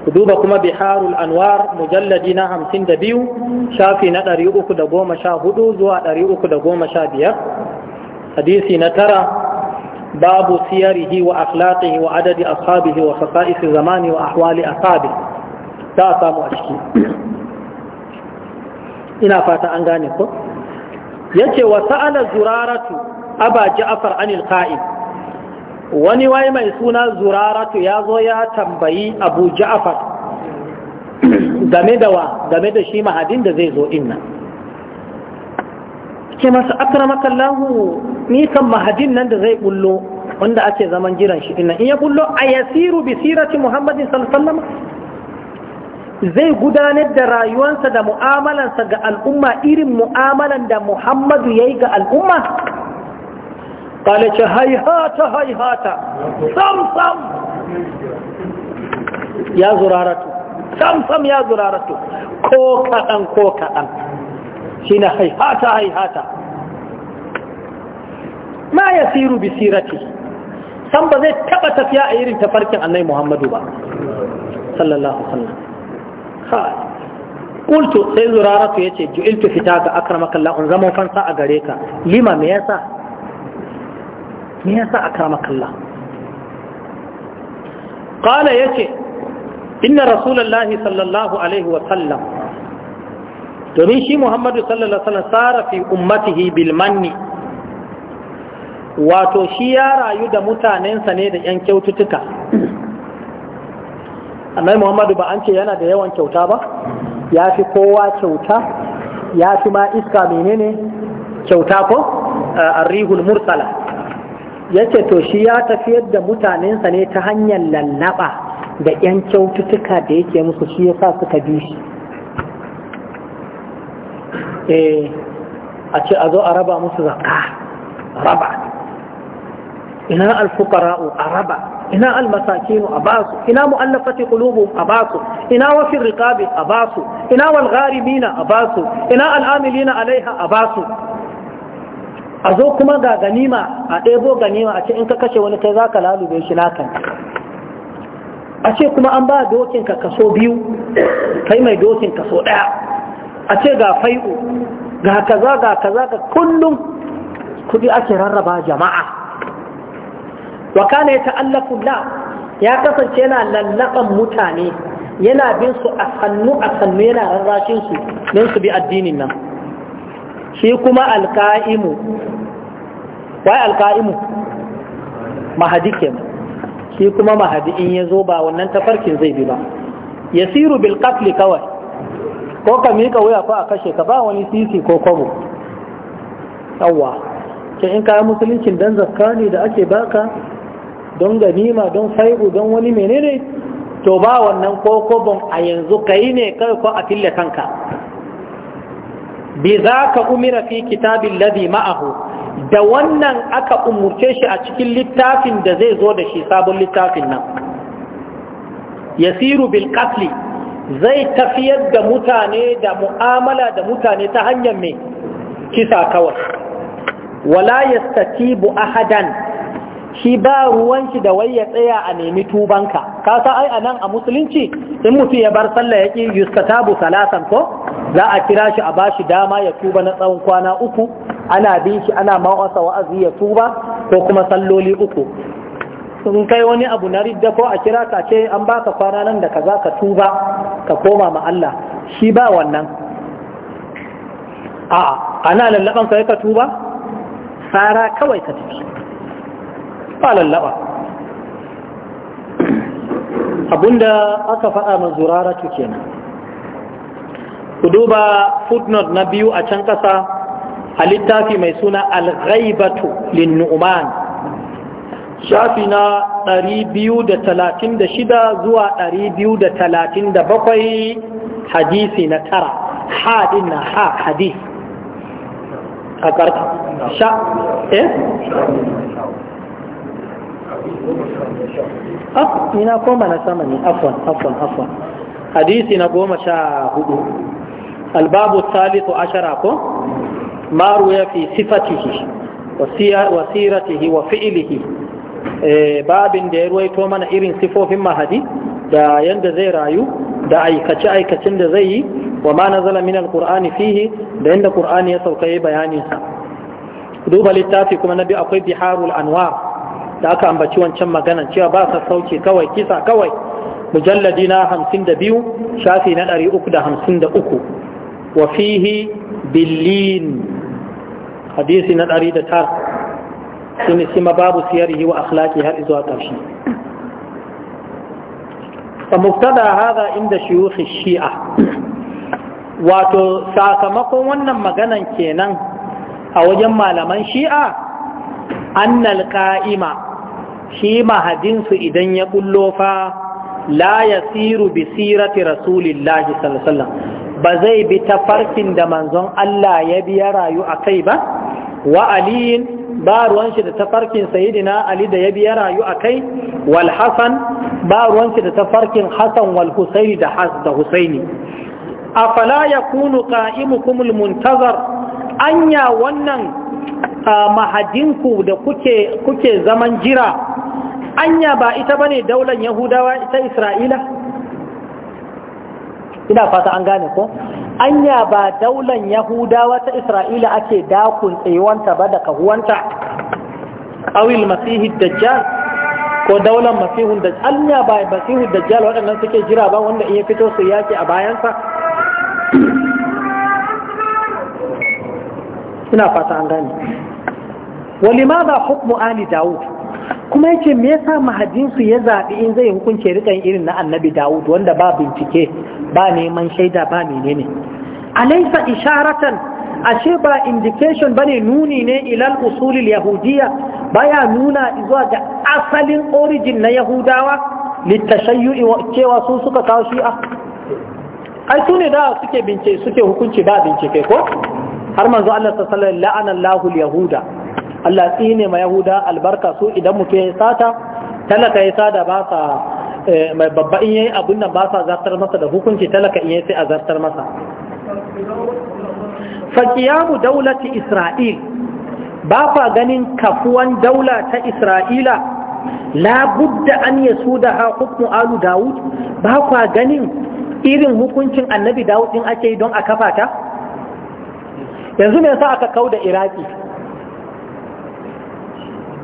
ku duba kuma biharul anwar mujalladi na hamsin da biyu shafi na ɗari uku da goma sha hudu zuwa ɗari uku da goma sha biyar hadisi na tara babu siyarihi wa akhlaqihi wa adadi ashabihi wa fasa'isi zamani wa ahwali ashabi za a samu a ciki ina fata an gane ko yace wa sa'ala zuraratu aba ja'far anil qa'id wani wai mai suna zuraratu ya zo ya tambayi abu ja'afar game da wa game da shi mahadin da zai zo inna ke masu akramakallahu ni kan mahadin nan da zai bullo wanda ake zaman jiran shi inna in ya bullo a yasiru bi sirati muhammadin sallallahu zai gudanar da rayuwansa da mu'amalansa ga al'umma irin mu'amalan da muhammadu ya yi ga al'umma قال هيهات هيهات سم سم يا زرارة سم سم يا زرارة كوكا أن كوكا أن شين هيهات هيهات ما يسير بسيرتي سم بذي تبتت يا إيرين تفرك عني محمد با صلى الله عليه وسلم خال قلت سيد زرارة يتي جئلت فتاك أكرمك الله أنزمه فانسا أغريك لما ميسا me yasa aka kalla. Allah ya ce, inna rasulullahi sallallahu alaihi wa sallam domin shi Muhammadu sallallahu alaihi wa sallam sara fi ummatihi bil wato shi ya rayu da mutanensa ne da ‘yan kyaututtuka annai muhammadu ba an ce yana da yawan kyauta ba ya fi kowa kyauta ya fi ma iska menene kyauta ko a rihul mursala Ya ce to shi ya tafiyar da mutanensa ne ta hanyar lallaba da 'yan kyaututtuka da yake musu shi ya sa suka bi shi eh, a ce a zo a raba musu zakka raba ina alfuqara'u a raba ina almasakinu a basu ina mu'allafati qulubu a basu ina wafi riqabi a basu ina wal a basu ina al'amilina alaiha a basu a zo kuma ga ganima a ɗebo ganima a ce in ka kashe wani kai za ka lalube shi nakan a ce kuma an ba dokin ka kaso biyu kai mai dokin kaso ɗaya a ce ga fai'u ga kaza ga kaza ga kullum kudi ake rarraba jama'a wa kana ta'allafu la ya kasance yana lallakan mutane yana bin su a sannu a sannu yana rarrashin su don su bi addinin nan shi kuma alka'imu wai alka'imu mahadi kenan shi kuma mahadi in ya zo ba wannan tafarkin zai bi ba yasiru bil qatl kawai ko ka mika wuya ko a kashe ka ba wani sisi ko kwabo yawwa ke in kayan musuluncin dan zakka ne da ake baka don ganima don faibu don wani menene to ba wannan ko kwabon a yanzu kai ne kai ko a fille kanka bi za ka umira fi kitabin ladhi ma'ahu da wannan aka umurce shi a cikin littafin da zai zo da shi sabon littafin nan yasiru bil zai tafiyar da mutane da mu'amala da mutane ta hanyar mai kisa kawai wala yastatibu ahadan shi ba ruwan shi da wai ya tsaya a nemi tubanka ka san ai anan a musulunci in mutum ya bar sallah yake yustatabu salasan ko za a kira shi a ba shi dama ya tuba na tsawon kwana uku ana bin shi ana mawasa wa'azi ya tuba ko kuma salloli uku sun kai wani abu na ridda ko a kira ka ce an ba ka kwana nan da ka za ka tuba ka koma ma Allah shi ba wannan a ana lallaban kai ka tuba tsara kawai ka tafi ba lallaba abinda aka faɗa mazurara zurara kenan ku duba footnote na biyu a can ƙasa a littafi mai suna al-ghaibatu lin-nu'man shafi na 236 zuwa 237 hadisi na tara hadin na ha hadis a ƙarƙa sha eh ah ina koma na sama ne afwan afwan afwan hadisi na goma sha hudu albabu salisu ashara ko ma ruya fi sifatihi wa wa fi'ilihi babin da ya ruwaito mana irin sifofin mahadi da yanda zai rayu da aikace aikacen da zai yi wa ma nazala min alqur'ani fihi da yadda qur'ani ya sauka yayi bayanin sa duba littafi kuma na nabi akwai biharul anwa, da aka ambaci wancan maganan cewa ba sa sauke kawai kisa kawai mujalladi na 52 shafi na ɗari 353 Wafihi fihi billin hadisi na 109 sun sima babu siyarihi wa akhlaqi har zuwa ƙarshe fa mubtada hada inda shuyukh shi'a wato sakamakon wannan maganan kenan a wajen malaman shi'a annal qa'ima shi mahadinsu idan ya ƙullo fa la yasiru bi sirati rasulillahi sallallahu ba zai bi tafarkin da manzon Allah ya biya rayu a kai ba wa aliyin ba ruwan shi da farkin sayidina ali da ya biya rayu a kai wal hasan ba ruwan da tafarkin hasan wal husaini da has da fala ya kunu qa'imukum al muntazar anya wannan mahadinku da kuke zaman jira anya ba ita ne daular yahudawa ita isra'ila ina fata an gane ko anya ba daulan yahudawa ta isra'ila ake dakun tsayuwanta ba da kahuwanta awil masihi dajjal ko daular masihun dajjal anya ba masihun dajjal waɗannan suke jira ba wanda in ya fito su yaki a bayansa ina fata an gane ولماذا hukmu ali داود kuma yace me yasa mahajinsu ya zaɓi in zai hukunce rikan irin na annabi Dawud wanda ba bincike ba neman shaida ba menene alaysa isharatan ashe ba indication bane nuni ne ilal usulil yahudiyya baya nuna zuwa ga asalin origin na yahudawa litashayyu'i wa cewa su suka kawo shi'a ai su ne da suke bincike suke hukunci ba bincike ko har manzo Allah sallallahu alaihi wasallam la'ana Allahul yahuda Allah tsine ma Yahuda albarka su idan mutum ya sata talaka ya sada ba sa eh, mai babba in yayi abun nan ba sa zartar masa da hukunci talaka in yayi sai a zartar masa fa qiyamu dawlati isra'il ba fa ganin kafuwan daula ta isra'ila la budda an yasudaha hukmu alu daud ba ganin irin hukuncin annabi daud din ake yi don a kafa ta yanzu me yasa aka kauda iraki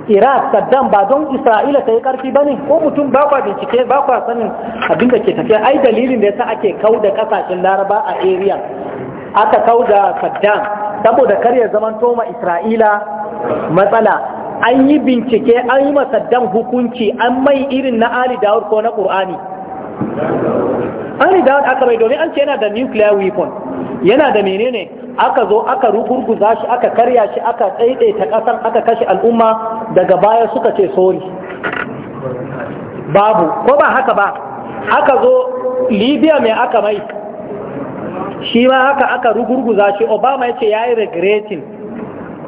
iraq saddam ba don isra'ila ta yi karfi ba ne ko mutum ba kwa bincike ba kwa sanin abin da ke tafiya ai dalilin da yasa ake kau da kasashen laraba a area aka kau da saddam saboda kar ya zaman toma isra'ila matsala an yi bincike an yi ma saddam hukunci an mai irin na ali dawud ko na Ƙur'ani. an riga aka mai domin an ce yana da nuclear weapon yana da menene aka zo aka rukurguza shi aka karya shi aka ta ƙasar aka kashe al'umma daga baya suka ce sori babu ko ba haka ba aka zo libya mai aka mai shi ma haka aka rugurguza shi obama ya ce ya yi regretin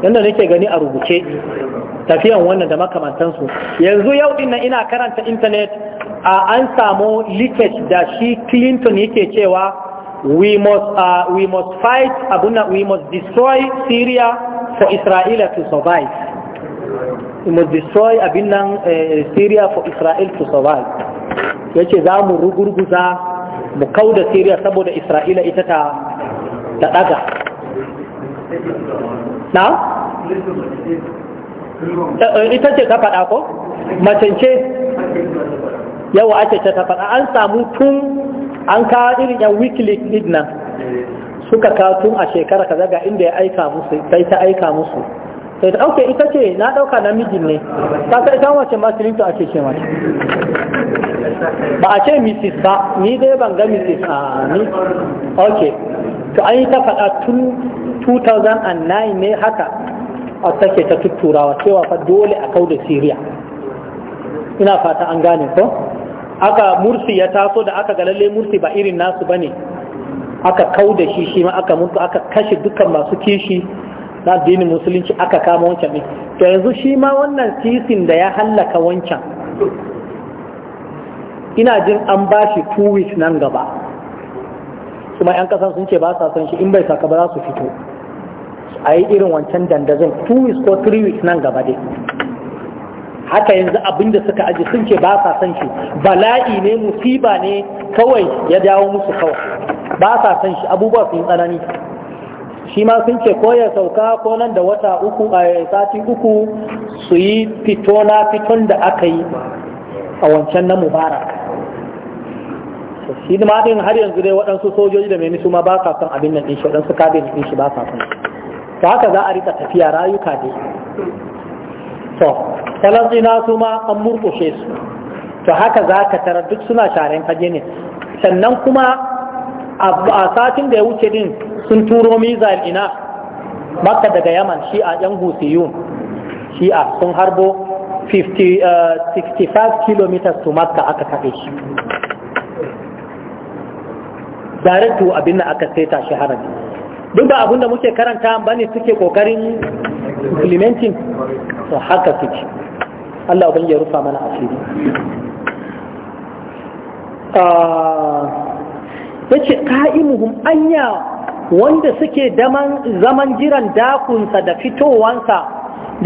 yadda nake gani a rubuce tafiyan wannan da makamantansu yanzu yau din ina karanta intanet a an samu leakage da shi clinton yake cewa we must uh, we must fight abuna we must destroy syria for israel to survive we must destroy abinan uh, eh, syria for israel to survive yace za mu rugurguza mu kauda syria saboda israel ita ta ta daga na eh, eh, ita ce ta faɗa ko macence yawa ake ta faɗa an samu tun an kawo irin yan weekly din nan suka kawo tun a shekara kaza ga inda ya aika musu sai ta aika musu sai ta auke ita ce na ɗauka namijin ne ta sai ta wace masu ake ce mace ba a ce mrs ba ni dai ban ga mrs a ni ok to an yi ta faɗa tun 2009 ne haka a take ta tutturawa cewa fa dole a kau da siriya ina fata an gane ko aka mursi ya taso da aka ga lalle mursi ba irin nasu bane aka kau da shi shi ma aka mutu aka kashe dukkan masu kishi na addinin musulunci aka kama wancan ne to yanzu shi ma wannan sisin da ya hallaka wancan ina jin an ba shi two weeks nan gaba kuma yan kasan sun ce ba sa son shi in bai saka ba za su fito a yi irin wancan dandazon two weeks ko three weeks nan gaba dai haka yanzu abinda suka aji sun ce ba sa san shi bala'i ne musiba ne kawai ya dawo musu kawai ba sa san shi abubuwa sun tsanani shi ma sun ce ko ya sauka ko nan da wata uku a sati uku su yi fito na fiton da aka yi a wancan na mubarak shi ma din har yanzu dai waɗansu sojoji da mai su ma ba sa son abin nan ɗin shi waɗansu kabin ɗin shi ba sa san ta haka za a rika tafiya rayuka dai to falasina su ma an murkushe su to haka za ka tara duk suna sharen fage ne sannan kuma a satin da ya wuce din sun turo mizal ina maka daga yaman shi'a yan husiyun shi'a sun harbo 65 eh, km to maka aka kaɗe shi darattu abin da aka saita shi harabi duk ba abinda muke karanta ba ne suke kokarin implementing to haka suke Allah abin ya rufa mana asiri ah, ya ce ka'imuhum anya wanda suke zaman jiran dakunsa da fitowansa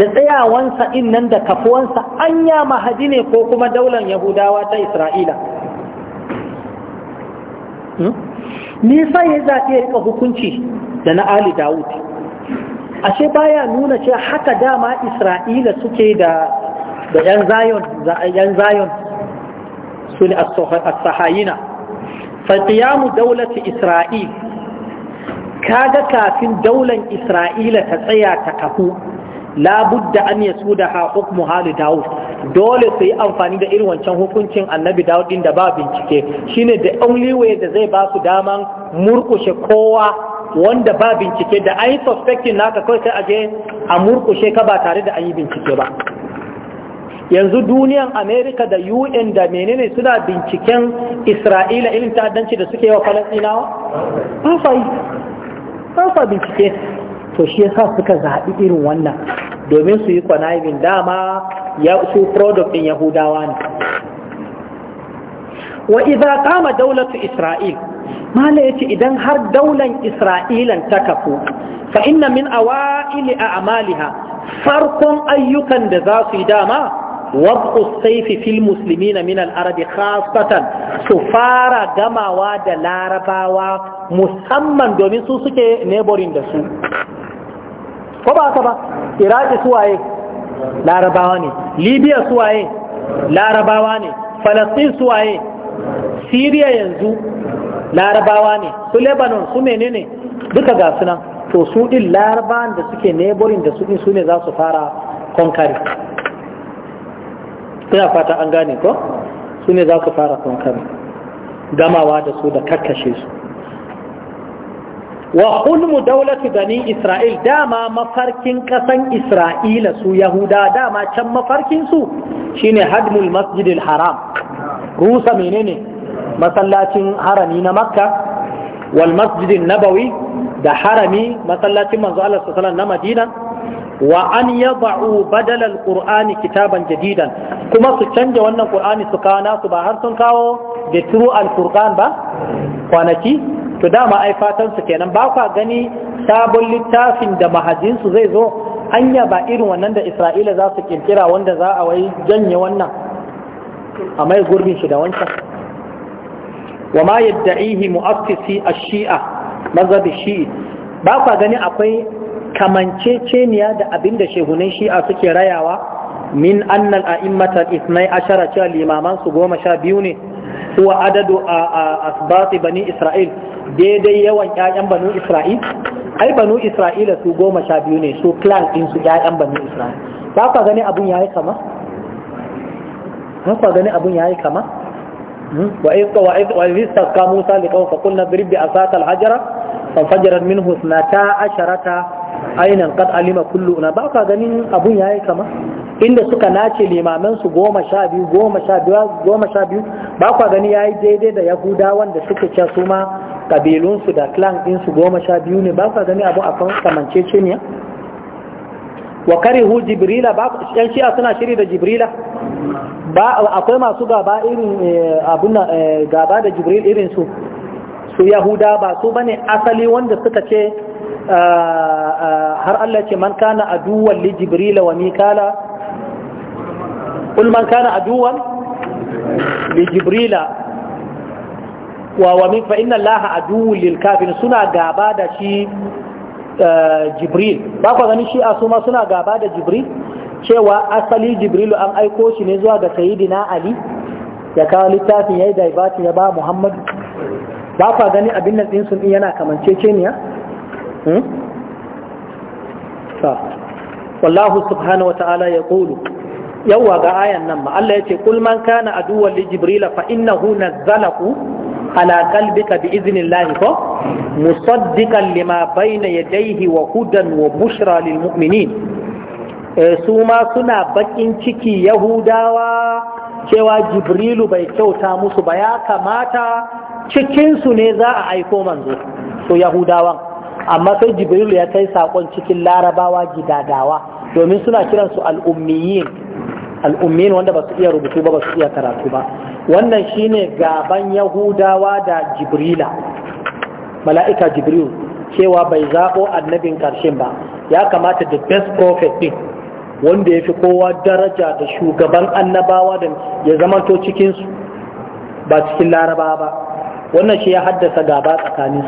da tsayawansa innan da kafuwansa anya mahadi ne ko kuma daular yahudawa ta isra'ila hmm? nisa ya zafi ya rika hukunci da na ali dawud ashe baya nuna ce haka dama isra'ila suke da yan zayon yan zayon su ne a sahayina fa qiyamu isra'il kaga kafin daulan isra'ila ta tsaya ta kafu labudda an yasu da haƙuk hukmu dawud dole su yi amfani da irin wancan hukuncin annabi dawud inda da ba bincike shi ne da only way da zai ba su daman murkushe kowa wanda ba bincike da an yi suspecting naka kawai sai aje a murkushe ka ba tare da ayi bincike ba yanzu duniyan amerika da un da menene suna binciken isra'ila irin ta'addanci da suke wa falasinawa ba bincike to shi yasa suka zaɓi irin wannan domin su yi kwanayin dama ya su product ɗin yahudawa ne wa idza qama daulatu isra'il mala ce idan har daular isra'ilan ta kafu fa inna min awa'ili a'maliha farkon ayyukan da za su yi dama wad'u sayfi fil muslimina min al-arabi su fara gamawa da larabawa musamman domin su suke neighboring da su ko ba ka ba iraki suwaye larabawa ne libya suwaye larabawa ne falastin suwaye Syria yanzu larabawa ne su Lebanon su menene duka ga suna, to su ɗin larabawan da suke neighboring da su ɗin su ne za su fara konkari ina fata an gane ko su ne za su fara konkari gamawa da su da kakkashe su wa hulmu daulatu ni isra'il dama mafarkin kasan isra'ila su yahuda dama can mafarkin su shine hadmul masjidil haram rusa menene masallacin harami na makka wal masjidin nabawi da harami masallacin manzo Allah sallallahu na madina wa an yad'u badal alqur'ani kitaban jadidan kuma su canja wannan qur'ani su kawo su ba har sun kawo da alkur'an alqur'an ba kwanaki to dama ai fatan su kenan ba kwa gani sabon littafin da mahajin su zai zo anya ba irin wannan da Isra'ila za su kirkira wanda za a wai janye wannan a mai gurbin shi da wancan wa ma yadda'ihi mu'assisi ash-shi'a mazhabi shi'i ba kwa gani akwai kamanceceniya da abin da shehunan shi'a suke rayawa min annal a'immata isnai ashara cewa limaman su goma sha biyu ne huwa adadu a asbati bani isra'il daidai yawan ƴaƴan banu isra'il ai banu Isra'il su goma sha biyu ne su clan din su ƴaƴan banu isra'il ba kwa gani abun yayi kama ba ka gani abun yayi kama وإذ استسقى موسى لقوم فقلنا اضرب بعصاك الحجر فانفجرت منه اثنتا عشرة عينا قد علم كل أنا بقى غنين أبو ياي كما inda suka nace limaman su goma sha biyu goma sha biyu goma sha biyu ba kwa gani yayi daidai da yahudawan da suka ce su ma kabilunsu da clan ɗinsu goma sha biyu ne ba kwa gani abu a wa karihu jibrila ba yan shi'a suna shiri da jibrila ba akwai masu gaba irin eh, abuna eh, gaba da jibril irin su su yahuda ba su bane asali wanda suka ce eh, har Allah ce man kana aduwan li jibrila wa mikala kul man kana aduwan li jibrila wa wa min fa inna allaha aduwwul lil kafirin suna gaba da shi Eh, jibril ba ku gani shi a su suna gaba da jibril cewa asali jibrilu an aiko shi ne zuwa ga sayidina ali ya kawo littafin ya yi daibati ya ba muhammadu ba ku gani abin nan ɗinsu yana kamanceceniya hmm? wallahu subhanahu wata'ala ya yawwa ga ayan nan ma Allah ya ce kul man kana aduwwan li jibril fa innahu nazzalahu ala qalbika bi idhnillah ko musaddiqan lima bayna yadayhi wa hudan wa bushra lil mu'minin su ma suna bakin ciki yahudawa cewa jibrilu bai kyauta musu ba ya kamata cikinsu ne za a aiko manzo so yahudawan amma sai jibrilu ya kai sakon cikin larabawa gidadawa domin suna kiransu al'ummiyin al'ummiyin wanda ba su iya rubutu ba ba su iya karatu ba wannan shine gaban yahudawa da jibrila mala'ika jibril cewa bai zaɓo annabin ƙarshen ba ya kamata da best prophet ɗin wanda ya fi kowa daraja da shugaban annabawa da ya zamanto cikinsu ba cikin Laraba ba wannan shi ya haddasa gaba tsakanin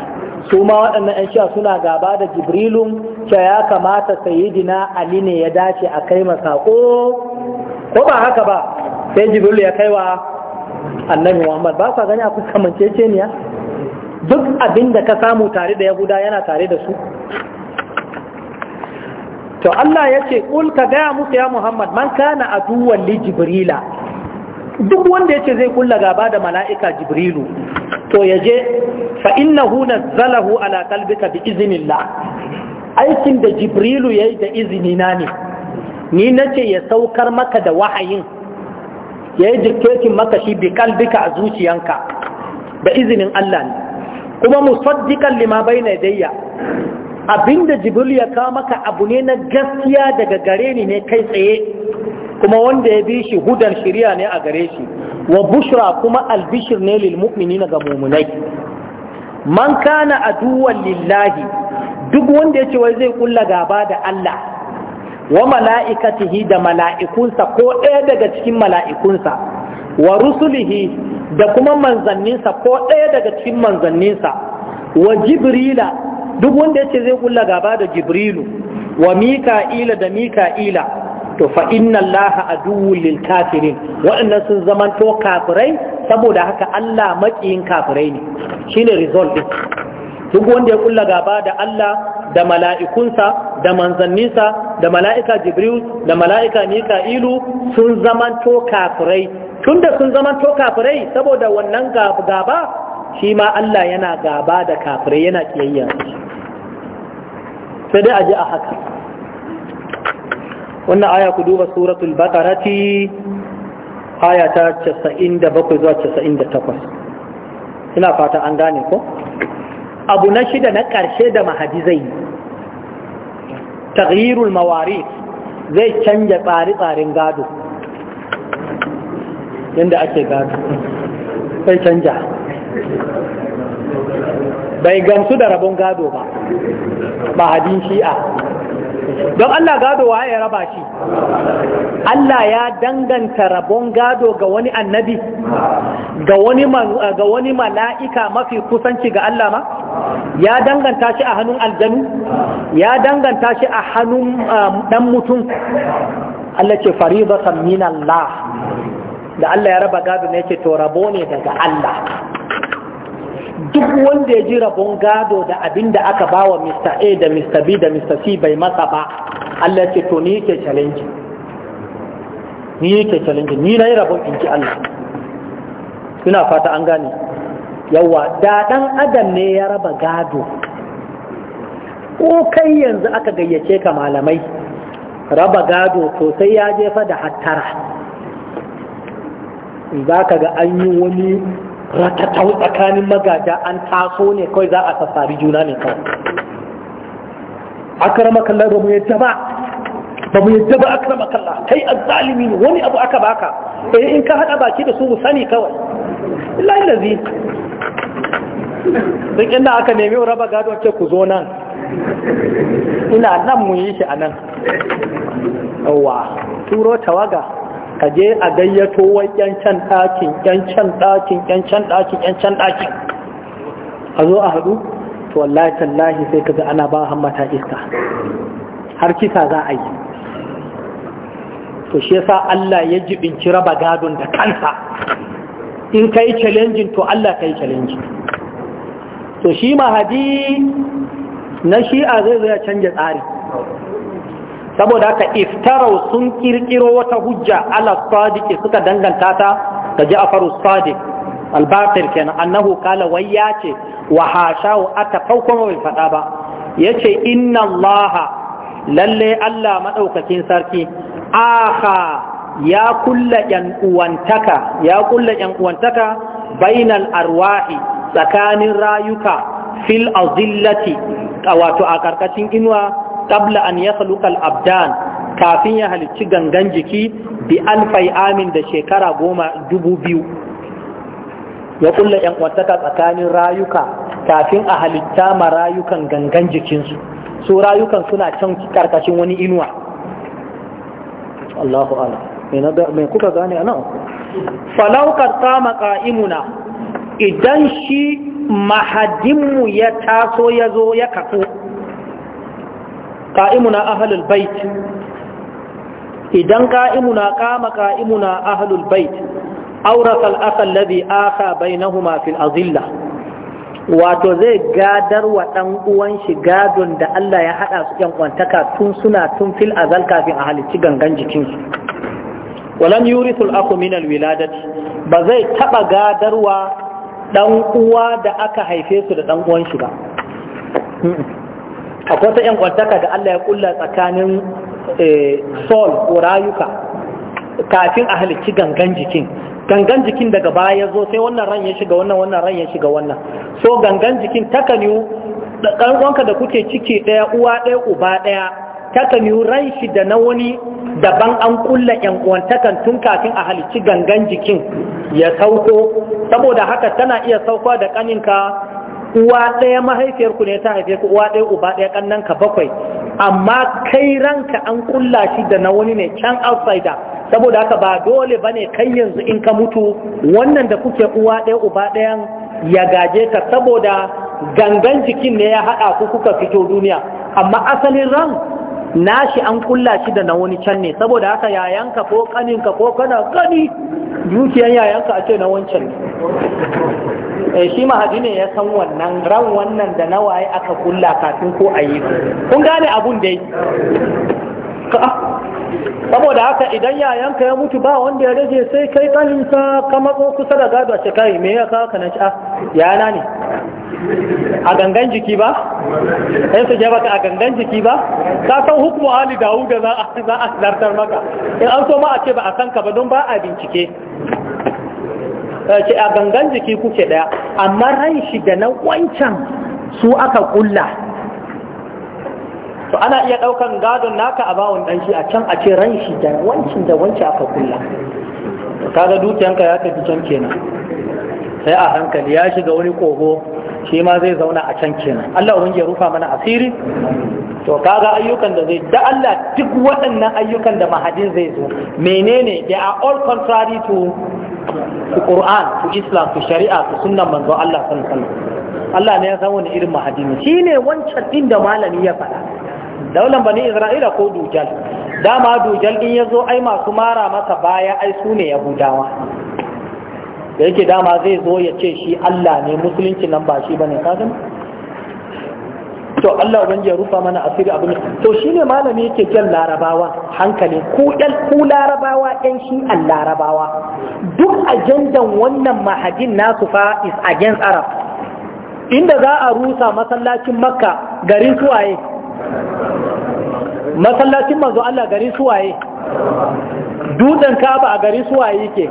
su ma waɗannan 'yan shi'a suna gaba da jibrilun cewa ya kamata sayidina ali ne ya dace a kai masa ko ba haka ba sai Jibrilu ya kai wa annabi Muhammad ba ka gani ne kamanceceniya duk abin da ka samu tare da Yahuda yana tare da su to Allah ya ce ka gaya musu ya Muhammad man kana aduwan li Jibrila duk wanda ya ce zai kulla gaba da mala'ika Jibrilu to ya je fa huna zalahu ala kalbika bi iznillah aikin da Jibrilu ya yi da izini na ne ni na ce ya saukar maka da wahayin ya yi dictating maka shi bi kalbika a zuciyanka da izinin Allah ne kuma musaddikan lima na yadayya abinda jibril ya kawo maka abu ne na gaskiya daga gare ni ne kai tsaye kuma wanda ya bi shi hudan shiriya ne a gare shi wa bushra kuma albishir ne lil mu'minina ga mu'minai man kana aduwan lillahi duk wanda ya ce wai zai kulla gaba da Allah wa mala'ikatihi da mala'ikunsa ko ɗaya daga cikin mala'ikunsa wa rusulihi da kuma manzanninsa ko ɗaya daga cikin manzanninsa wa jibrila duk wanda yace zai kulla gaba da jibrilu wa mika'ila da mika'ila to fa inna allaha aduwwul lil kafirin waɗannan sun zaman to kafirai saboda haka Allah makiyin kafirai ne shine result din duk wanda ya kulla gaba da Allah da mala'ikunsa da manzanninsa da mala'ika jibril da mala'ika mika'ilu sun zamanto kafirai tunda sun zamanto kafirai saboda wannan gaba shi ma Allah yana gaba da kafirai yana kiyayya sai dai a ji a haka wannan aya ku duba suratul baqarati aya ta 97 zuwa 98 ina fata an gane ko abu na shida na ƙarshe da mahadi zai yi taghyirul mawari zai canja tsare-tsaren gado yadda ake gado sai canja bai gamsu da rabon gado ba ba hadin shi'a don Allah gado wa ya raba shi Allah ya danganta rabon gado ga wani annabi ga wani mala'ika mafi kusanci ga Allah ma ya danganta shi a hannun aljanu ya danganta shi a hannun dan um, mutum Allah ce fari faridatan min Allah da Allah ya raba gado ne ke to rabo ne daga Allah duk wanda ya ji rabon gado da abin da aka bawa Mr. A da Mr. B da Mr. C bai masa ba Allah ce to ni yake challenge ni yake challenge ni na yi rabon in ji Allah ina fata an gane Yawwa, da ɗan adam ne ya raba gado ko kai yanzu aka gayyace ka malamai raba gado to sai ya jefa da hattara za ka ga an yi wani ratatau tsakanin magaja an taso ne kawai za a sassari juna ne kawai akarama kallar ba mu yadda ba ba mu yadda ba akarama kallar kai azzalimi ne wani abu aka baka eh in ka hada baki da su mu sani kawai illahi lazi duk inda aka nemi raba gado ce ku zo nan ina nan mu yi shi a nan yawa turo tawaga ka je a gayyato wai yancan ɗakin yancan ɗakin yancan ɗakin yancan ɗakin a zo a haɗu to wallahi tallahi sai ka ga ana ba hammata iska har kisa za a yi to shi yasa Allah ya binci raba gadon da kansa in ka yi challenging to Allah ka yi challenging to shi mahadi na shi'a zai zai canja tsari saboda haka iftarau sun kirkiro wata hujja ala sadiq suka danganta ta ga Ja'far sadiq al kenan annahu kala wai ya ce wa hashau ata farko bai fada ba yace inna Allah lalle Allah madaukakin sarki aha ya kulla yan uwantaka ya kulla yan uwantaka bainal arwahi tsakanin rayuka fil azillati wato a karkashin inuwa qabla an yakhluqal abdan kafin ya halicci gangan jiki bi alfai amin da shekara goma dubu biyu ya kulla yan uwantaka tsakanin rayuka kafin a halitta ma rayukan gangan jikinsu su rayukan suna can karkashin wani inuwa Allahu ala mai kuka gane a nan Falaukar kama qa'imuna idan shi mahadinmu ya taso ya zo ya kafu qa'imuna ahlul bait idan qa'imuna qama qa'imuna ahlul bait awrasal asal ladhi aka bainahuma fil azilla wato zai gadar wa uwan shi gadon da Allah ya haɗa su yan kwantaka tun suna tun fil azal kafin a halicci gangan jikin walan yuri sulaku min wiladati ba zai taɓa gadarwa dan uwa da aka haife su da ɗan'uwanshi uwan shi ba hmm. akwai ta 'yan kwantaka da Allah ya kulla tsakanin eh, sol ko rayuka kafin a halicci gangan jikin gangan jikin daga baya ya zo sai wannan ran ya shiga wannan wannan ran ya shiga wannan so gangan jikin takaniyu ɗan'uwanka da kuke ciki ɗaya uwa ɗaya uba ɗaya takaniyu ran shi da na wani daban an kulla yan tun kafin a halicci gangan jikin ya sauko saboda haka tana iya saukowa da ƙaninka. uwa ɗaya mahaifiyar ku ne ta haife ku uwa ɗaya uba ɗaya ƙannan ka bakwai amma kai ranka an kulla shi da na wani ne can outsider saboda haka ba dole bane kai yanzu in ka mutu wannan da kuke uwa ɗaya uba ɗayan ya gaje ka saboda gangan jikin ne ya haɗa ku kuka fito duniya amma asalin ran nashi an kulla shi da na wani can ne saboda haka yayanka ko kaninka ko kana ƙani dukiyan yayanka a ce na wancan Eh, shi mahadi ne ya san wannan ran wannan da nawaye aka kulla kafin ko a yi kun gane abun dai ah. saboda haka idan yayanka ya mutu ba wanda ya rage sai kai kaninsa ka matso kusa da gado a kai me ya kawo kanan sha? Ah, ya yana ne a gangan jiki ba sai su jaba ka a gangan jiki ba ka san hukumu ali dawu da za a zartar maka in an so ma a ce ba a kanka ba don ba a bincike ce a gangan jiki kuke ɗaya amma ran shi da na wancan su aka kulla to ana iya ɗaukan gadon naka a bawon ɗan shi a can a ce ran shi da wancan da wancan aka kulla kaga dukiyanka ya tafi can kenan sai a hankali ya shiga wani kogo shi ma zai zauna a can kenan Allah ya rufa mana asiri to kaga ayyukan da zai da Allah duk waɗannan ayyukan da mahadin zai zo menene they are all contrary to to Quran to Islam to Sharia to sunnan manzo Allah sallallahu alaihi wasallam Allah ne ya san wani irin mahadi ne shine wancan din da malami ya faɗa daular bani Isra'ila ko dujal dama dujal din yazo ai masu mara masa baya ai sune yahudawa da yake dama zai zo ya ce shi Allah ne musulunci nan ba shi bane ka to Allah ban ya rufa mana asiri abin to shine malami yake kyan larabawa hankali ku ɗan ku larabawa ɗan shi larabawa duk ajandan wannan mahajin nasu fa is against arab inda za a rusa masallacin makka garin suwaye masallacin manzo Allah garin suwaye dutsen kaba a gari suwaye ke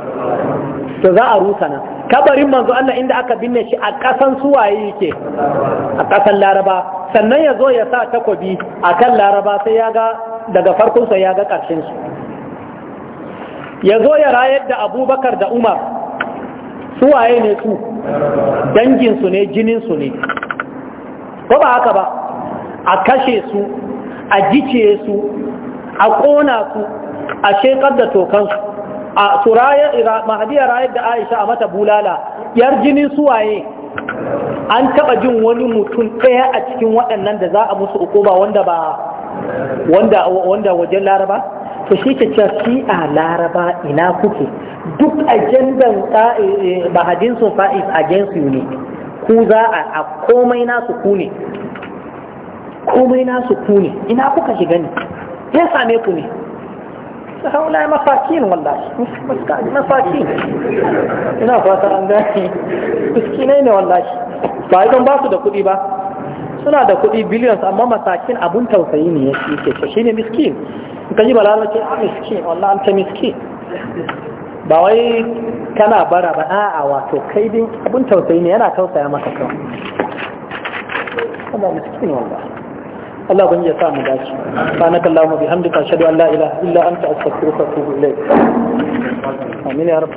to za a rusa nan kabarin manzo Allah inda aka binne shi a ƙasan suwaye yake a ƙasan laraba sannan ya zo ya sa takobi a kan laraba sai ya ga daga farkonsa ya ga ƙarshensu ya zo ya rayar da abubakar da umar suwaye ne su danginsu ne jininsu ne ko ba haka ba a kashe su a gice su a ƙona su a shekar da su, a suraya mahadiya rayar da aisha a mata bulala yar jinin suwaye an taba jin wani mutum ɗaya a cikin waɗannan da za a musu ba wanda ba wanda wanda wajen laraba to shi ke cewa shi a laraba ina kuke duk ajandan so su fa'is against you ne ku za a komai nasu ku ne komai nasu ku ne ina kuka shiga ne ya same ku ne هؤلاء مساكين والله مساكين ina fata an gane miskinai ne wallahi ba idan ba su da kuɗi ba suna da kuɗi billions amma masakin abun tausayi ne ya ke ce shi ne miskin in ka ji balala ce a miskin wallah an ta miskin ba wai kana bara ba a'a wato kai din abun tausayi ne yana tausaya maka kawai miskin wallah Allah ban ya sa mu dace sanaka Allahumma bihamdika ashhadu an la ilaha illa anta astaghfiruka wa atubu ilayk amin ya